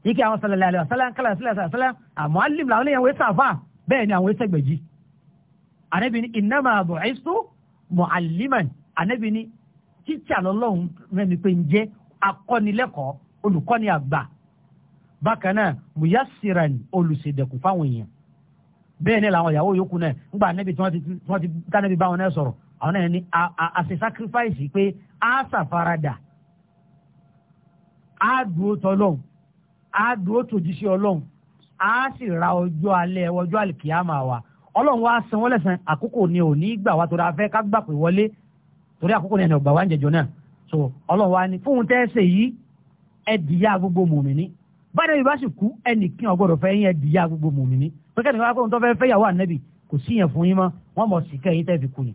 yìí kí àwọn sọlẹ̀lẹ̀ àlẹ́ ọ̀sálà ń kálà sílẹ̀ sàlẹ̀ àmọ́ alìm làwọn èèyàn wẹ́ẹ́ sàfà bẹ́ẹ̀ ni àwọn wẹ́ẹ́ sẹ́gbẹ̀jì. ànẹ́bí ni ìnáma àbọ̀ ẹ̀sù mọ̀ àlìmàn ànẹ́bí ni títsà lọ́lọ́run mẹ́mi pé ń jẹ́ akọ́nilẹ́kọ̀ọ́ olùkọ́ni àgbà bákan náà mùyásìràn olùṣèdẹ̀kù fáwọn èèyàn bẹ́ẹ̀ ni làwọn ìyàwó yòókù náà ńgbà ànẹ́bí tí wọ́n ti tánẹ́bí báwọn náà á dúró tòjíṣẹ́ ọlọ́run á sì ra ọjọ́ alẹ́ ọjọ́ àlìkìyàmà wa ọlọ́run wa san wọ́n lẹ́sàn àkókò ni ò ní gbà wá torí afẹ́ ká gbà pé wọlé torí àkókò ni ẹni ọgbà wá ń jẹjọ náà so ọlọ́run wa ni fóun tẹ́sẹ̀ yìí ẹ̀dìyà gbogbo mùmìnì báyìí bá sì kú ẹnìkan ọgbọ́dọ̀ fẹ́ yín ẹ̀dìyà gbogbo mùmìnì pẹ́kẹ́ nìkan wá pé òun tó fẹ́ fẹ́ yàwó ànẹ́bì kò sí yẹn fún yín mọ́ wọ́n mọ̀ sí kẹ́yìn tẹ́ fi kú ni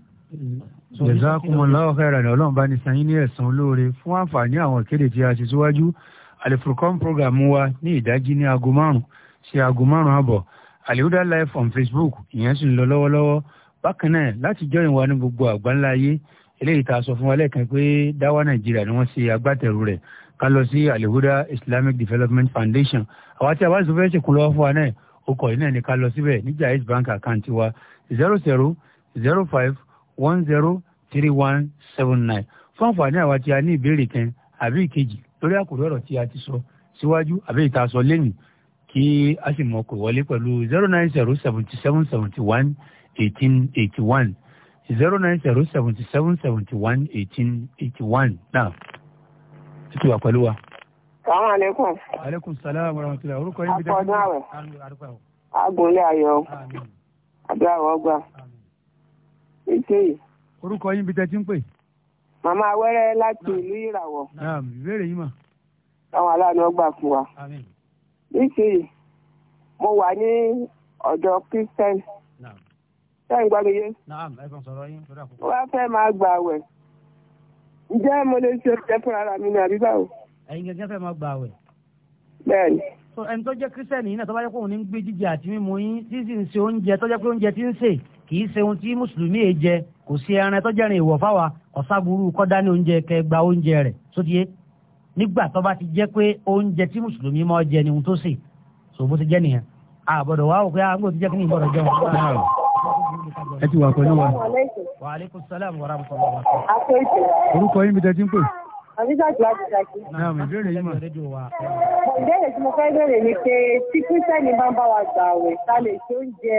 jazakumullahu khairan ọlọ́run bá ní san ní ẹ̀san olóore fún àǹfààní àwọn ìkéde tí a ṣe síwájú alifurkan program wa ní ìdájí ní aago márùn sí aago márùn àbọ̀ alihuda live on facebook ìyẹn sì ń lọ lọ́wọ́lọ́wọ́ bákan náà láti jọyìn wa ní gbogbo àgbáńlá ayé eléyìí tá a sọ fún wa lẹ́ẹ̀kan pé dáwà nàìjíríà ni wọ́n ṣe agbátẹrù rẹ̀ ká lọ sí alihuda islamic development foundation àwa tí a bá sọ fẹ́ ṣe kún lọ́wọ́ fún wa náà ó kọ̀ yìí náà ni ká lọ síbẹ̀ ní jaiz bank account wa zero zero zero five one zero three one seven nine fún àǹfààní àwa tí a ní ìbéèrè kan àbí ìkejì lórí àkórí ọ̀rọ̀ tí a ti sọ síwájú àbí ìta sọ lẹ́yìn kí a sì mọ̀ pé wọlé pẹ̀lú zero nine zero seventy seven seventy one eighteen eighty one zero nine zero seventy seven seventy one eighteen eighty one náà títí wà pẹ̀lú wa. sàmà aleykum. aleykum salaam wa rahmatulah orúkọ yín bí dáhùn. akọ̀dún àwẹ̀ agunlé ayọ̀ àdúrà wọ́gbà. orúkọ yín bí tẹ́tí ń màmá awẹ́rẹ́ láti ìlú ìràwọ̀. ìbéèrè yìí mà. táwọn aláàánú ọgbà fún wa. nísìnyí mo wà ní ọ̀dọ̀ christian. sẹ́yìn gbọ́dọ̀ yé. wọ́n fẹ́ máa gbà wẹ̀. ǹjẹ́ mo lè ṣe oúnjẹ fúnra ara mi ní àbíbá o. ẹ̀yin gẹ́gẹ́ fẹ́ máa gbà wẹ̀. bẹ́ẹ̀ni. ẹni tó jẹ́ christian yìí náà tó bá yẹ kó òun ní gbé jíjẹ àti mímu yín tí sì ń ṣe oúnjẹ tó jẹ́ pé oúnjẹ ti ń sè kìí se ohun tí mùsùlùmí è jẹ kò sí ẹran tó jẹrin ìwọ̀ fáwa ọ̀sàbùrú kọ́ dání oúnjẹ kẹgba oúnjẹ rẹ̀ sódìé nígbà tó bá ti jẹ́ pé oúnjẹ tí mùsùlùmí máa jẹ ni ohun tó sì sọ bó ti jẹ́ nìyẹn àbọ̀dọ̀ wà ó pé àgbò ah, ti jẹ́ kí ni ìbọ̀dọ̀ jẹun. ẹ ti wà pẹ̀lú wa. wa alaikum salam wa rahmatullahi orúkọ yín mi tẹ́ ti ń pè àbísàtì láti ṣàkí. náà mi ìbéèrè yìí mà. ìbéèrè tí mo fẹ́ béèrè ni pé tí kírísítẹ́nì bá ń bá wa gbà àwẹ̀ ta lè ṣe oúnjẹ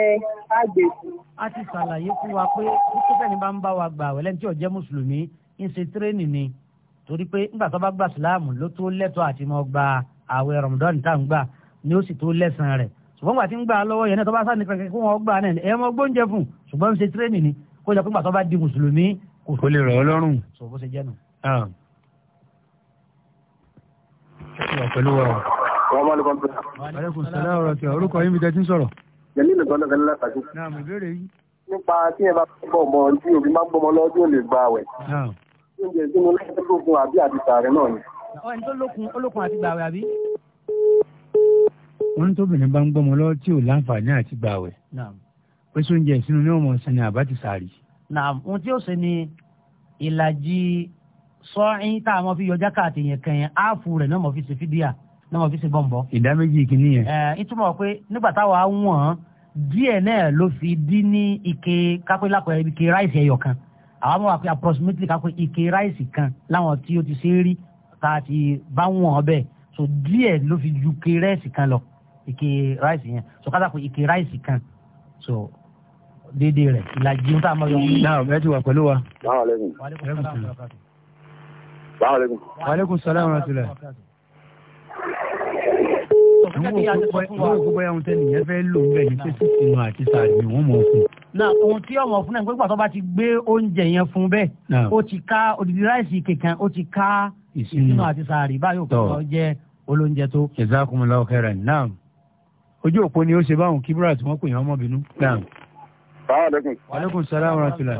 àgbèsì. a ti ṣàlàyé fún wa pé tí kírísítẹ́nì bá ń bá wa gbà àwẹ̀ lẹ́ni tí ò jẹ́ mùsùlùmí ń ṣe tírénì ni torí pé nígbà tó bá gbà síláàmù ló tó lẹ́tọ̀ọ́ àti mọ́ gba àwẹ̀ rọ̀mùdọ́n tá ń gbà ni ó sì tó lẹ́sàn rẹ̀ ṣùgbọ́n gbà tí ń gbà lọ́wọ́ yẹn náà tó bá sáà nìkan kí wọ́n gbà náà ẹ̀ mọ́ gbóúnjẹ fún ṣùgbọ́n ń ṣe tírénì ni kó jọ pé gbà tó bá di mùsùlùmí kò lè rọ̀ ọ́ lọ́rùn. sọ bó ṣe jẹ́ nù. Ah wà pẹ̀lú wa. wọ́n máa lè kọ́ bẹ́ẹ̀. aleykum salaam wa rahmatulah orúkọ yín mi jẹ́ tí ń sọ̀rọ̀. jẹ́mi nìkan náà fẹ́ẹ́ lápàdé. naam ìbéèrè yìí. nípa tí ẹ bá bọ̀ mọ́ tí òbí máa ń gbọmọ lọ́dún lè gba àwẹ̀. oúnjẹ tí mo lẹ́yìn tó lókun àbí àdìsá rẹ̀ náà ni. ọ̀hún tó lókun olókun àti gbàwẹ̀ àbí. wọ́n ní tóbìnrin bá ń gbọmọ lọ tí ò láǹfààní àti gbàwẹ̀. pé sóúnjẹ ìsinú ní ọmọ ọ̀sán ni àbá ti sàárì sọ́ọ́yìn tá a mọ̀ fi yọjá káàtì yẹn kẹ́yìn áàfù rẹ̀ náà mọ̀ fi ṣe fídíà náà mọ̀ fi ṣe bọ̀m̀bọ̀. ìdá méjì kìíní yẹn. ẹ ìtumọ̀ pé nígbà táwa wọ̀n díẹ̀ náà ló fi dín ní ike kápẹ́ lápẹ́ ike ráìsì ẹyọ kan àwa mọ̀ pé approximately kápẹ́ ike ráìsì kan láwọn tí ó ti ṣe é rí tá ti bá wọ̀n ọbẹ̀ so díẹ̀ ló fi ju ike ráìsì kan lọ ike ráìsì yẹn so ká sàpé ike ráìsì kan so déédéé rẹ̀ ìlàjì ń tà mọ́ yọ. náà ẹ ti wà pẹ̀lú wa. báwo lẹ́yìn. wàhálà Wàhálẹ́kùn. Wàhálẹ́kùn sọ́lá àwọn àtìlẹ̀. Àwọn òkúpọ̀ ẹ̀hún tẹ́lẹ̀ yẹn fẹ́ lò ń bẹ̀ ní pé sísè nù àti sàrì ni wọ́n mọ̀ fún. Na ohun tí ọmọ fún náà gbégbà tó bá ti gbé oúnjẹ yẹn fún bẹ́ẹ̀, ó ti ká odidi ráìsì kẹ̀kẹ́ ó ti ká ìsinú àti sàrì báyìí òkú lọ jẹ́ olóúnjẹ tó. Jazakumullahu khairan náà. Ojú òpó ni ó ṣe báwọn kíbúrà tí wọ́n pè yàn ọmọbìnú. Náà. Wàhálẹ́kùn. Wàhálẹ́kùn sọ́lá àwọn àtìlẹ̀.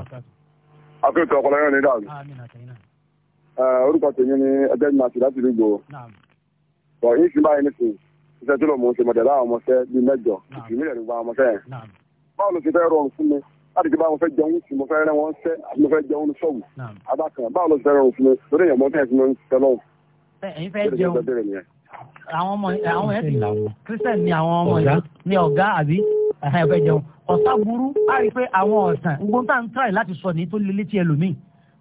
Àfihàn ọ̀pọ̀lọpọ̀ orúkọ tèmi ni ẹgbẹ́ mi máa ti láti rúgbò bọ̀ yín sì báyìí nísìnyí iṣẹ́ tí lòun ṣe mọ̀dẹ̀ láwọn ọmọṣẹ́ bíi mẹ́jọ ìpínlẹ̀ nígbà ọmọṣẹ́ yẹn báwo ló ṣe fẹ́ rọrùn fún mi láti gbé báwọn fẹ́ jẹun sí mo fẹ́ rẹ́ wọn ṣẹ́ àti mo fẹ́ jẹun ní ṣọ́ọ̀bù abákan báwo ló ṣe fẹ́ rọrùn fún mi lórí èèyàn mọ́tẹ́ ẹ̀sìn ló ń ṣe lọ́wọ́. ẹ̀yin fẹ́ jẹun àwọn ọmọ àwọn ẹ̀ kristian ni àwọn ọmọ yìí ni ọ̀gá àbí ẹ̀fẹ́ jẹun ọ̀sá burú á rí i pé àwọn ọ̀sán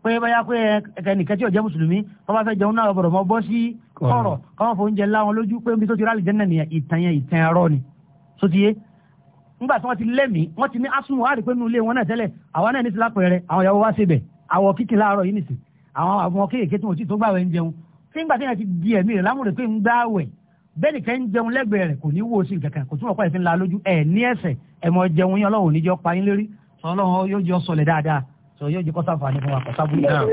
pé báyà pé ẹ̀kẹ́ nìkan tí ò jẹ́ mùsùlùmí wọ́n bá fẹ́ jẹun náà ọ̀bọ̀rọ̀ mọ́ bọ́ sí kọ̀rọ̀ káwọn fò ń jẹ láwọn lójú pé níbi tó ti rálì jẹ́nà nìyẹn ìtàn yẹn ìtàn ẹ̀rọ ni tó ti yé nígbà tí wọ́n ti lẹ́mìí wọ́n ti ní asùnwó àrí pé nínú ilé wọn náà tẹ́lẹ̀ àwọn náà ní ti lápẹẹrẹ àwọn ìyàwó wá síbẹ̀ àwọ̀ kíkì láàárọ̀ yìí nìsín àwọn àwọn kéèké tí wọn ti tó gbàwẹ̀ ń jẹun tí nígbà tí yẹn ti di ẹ̀mí rẹ̀ lámúrè pé ń gbàwẹ̀ bẹ́ẹ̀ nìkan ń jẹun lẹ́gbẹ̀ẹ́ rẹ̀ kò ní wo sí kankan kò túnbọ̀ pàyẹ̀ fi ń la lójú ẹ̀ ní ẹ̀sẹ̀ ẹ̀mọ jẹun yín ọlọ́run níjọ́ pa yín lérí ọlọ́run yóò jọ sọlẹ̀ dáadáa sọ yóò jí kọ́sà fani fún wa kọ́sà bú yìí náà.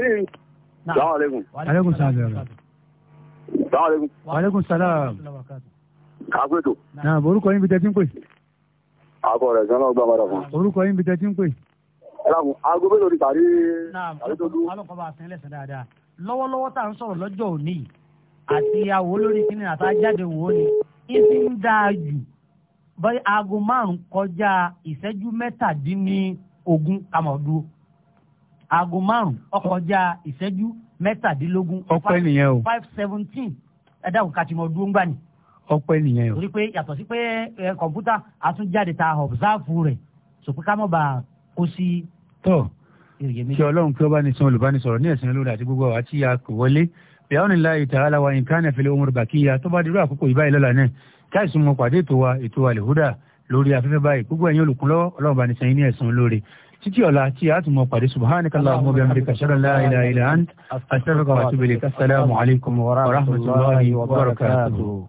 salaamaleykum. aleykum salaam. salaamaleykum. waaleykum salaam. kàgbéto. náà orúkọ yín bí tẹ́tí ń pè. akọ rẹ̀ sọ́nà ọgbà mọ́ra fún. orúkọ yín bí tẹ́tí ń pè. ẹlẹ́kùn aago mélòó ni tàbí. náà alùpùpù àfin lẹ́sẹ̀ dáadáa lọ́wọ́lọ́wọ́ tá à ń sọ̀rọ̀ lọ́jọ́ òní àti àwọ̀ olórí kìíní àtàjáde wò ni ìfi ń dáa jù báyìí aago márùn-ún kọjá ìṣẹ́jú mẹ́tàdínní ogún kàmọ́dúró aago márùn ọkọjá ìṣẹ́jú mẹ́tàdínlógún. ọpẹ́ nìyẹn o five seventeen ẹ dákun kàtí mọ dúró ń gbà ní. ọpẹ́ nìyẹn o. torí pé yàtọ̀ sí pé ẹ kọ̀ǹpútà àtúnjáde ta ọ̀bùsáàfù rẹ̀ sòpé ká mọ̀ bá kó sí. tọ́ kí ọlọ́run kí ó bá ní san olùbánisọ̀rọ̀ ní ẹ̀sìn olórí àti gbogbo àwa tí a kò wọlé bí àwọn ìlà ìtàhálà wa nǹkan àfẹlẹ ohun rìbàkìyà tó bá dirú àkókò ìbáyìí lọ́la náà káìsùn mọ pàdé ètò wa ètò àlèhúdà lórí afẹ́fẹ́ báyìí gbogbo ẹ̀yin olùkúnlọ́wọ́ ọlọ́run bá ní san ní ẹ̀sìn olórí تجي ولا تجي أتم وقالي سبحانك اللهم وبحمدك أشهد أن لا إله إلا أنت أستغفرك وأتوب إليك السلام عليكم ورحمة الله وبركاته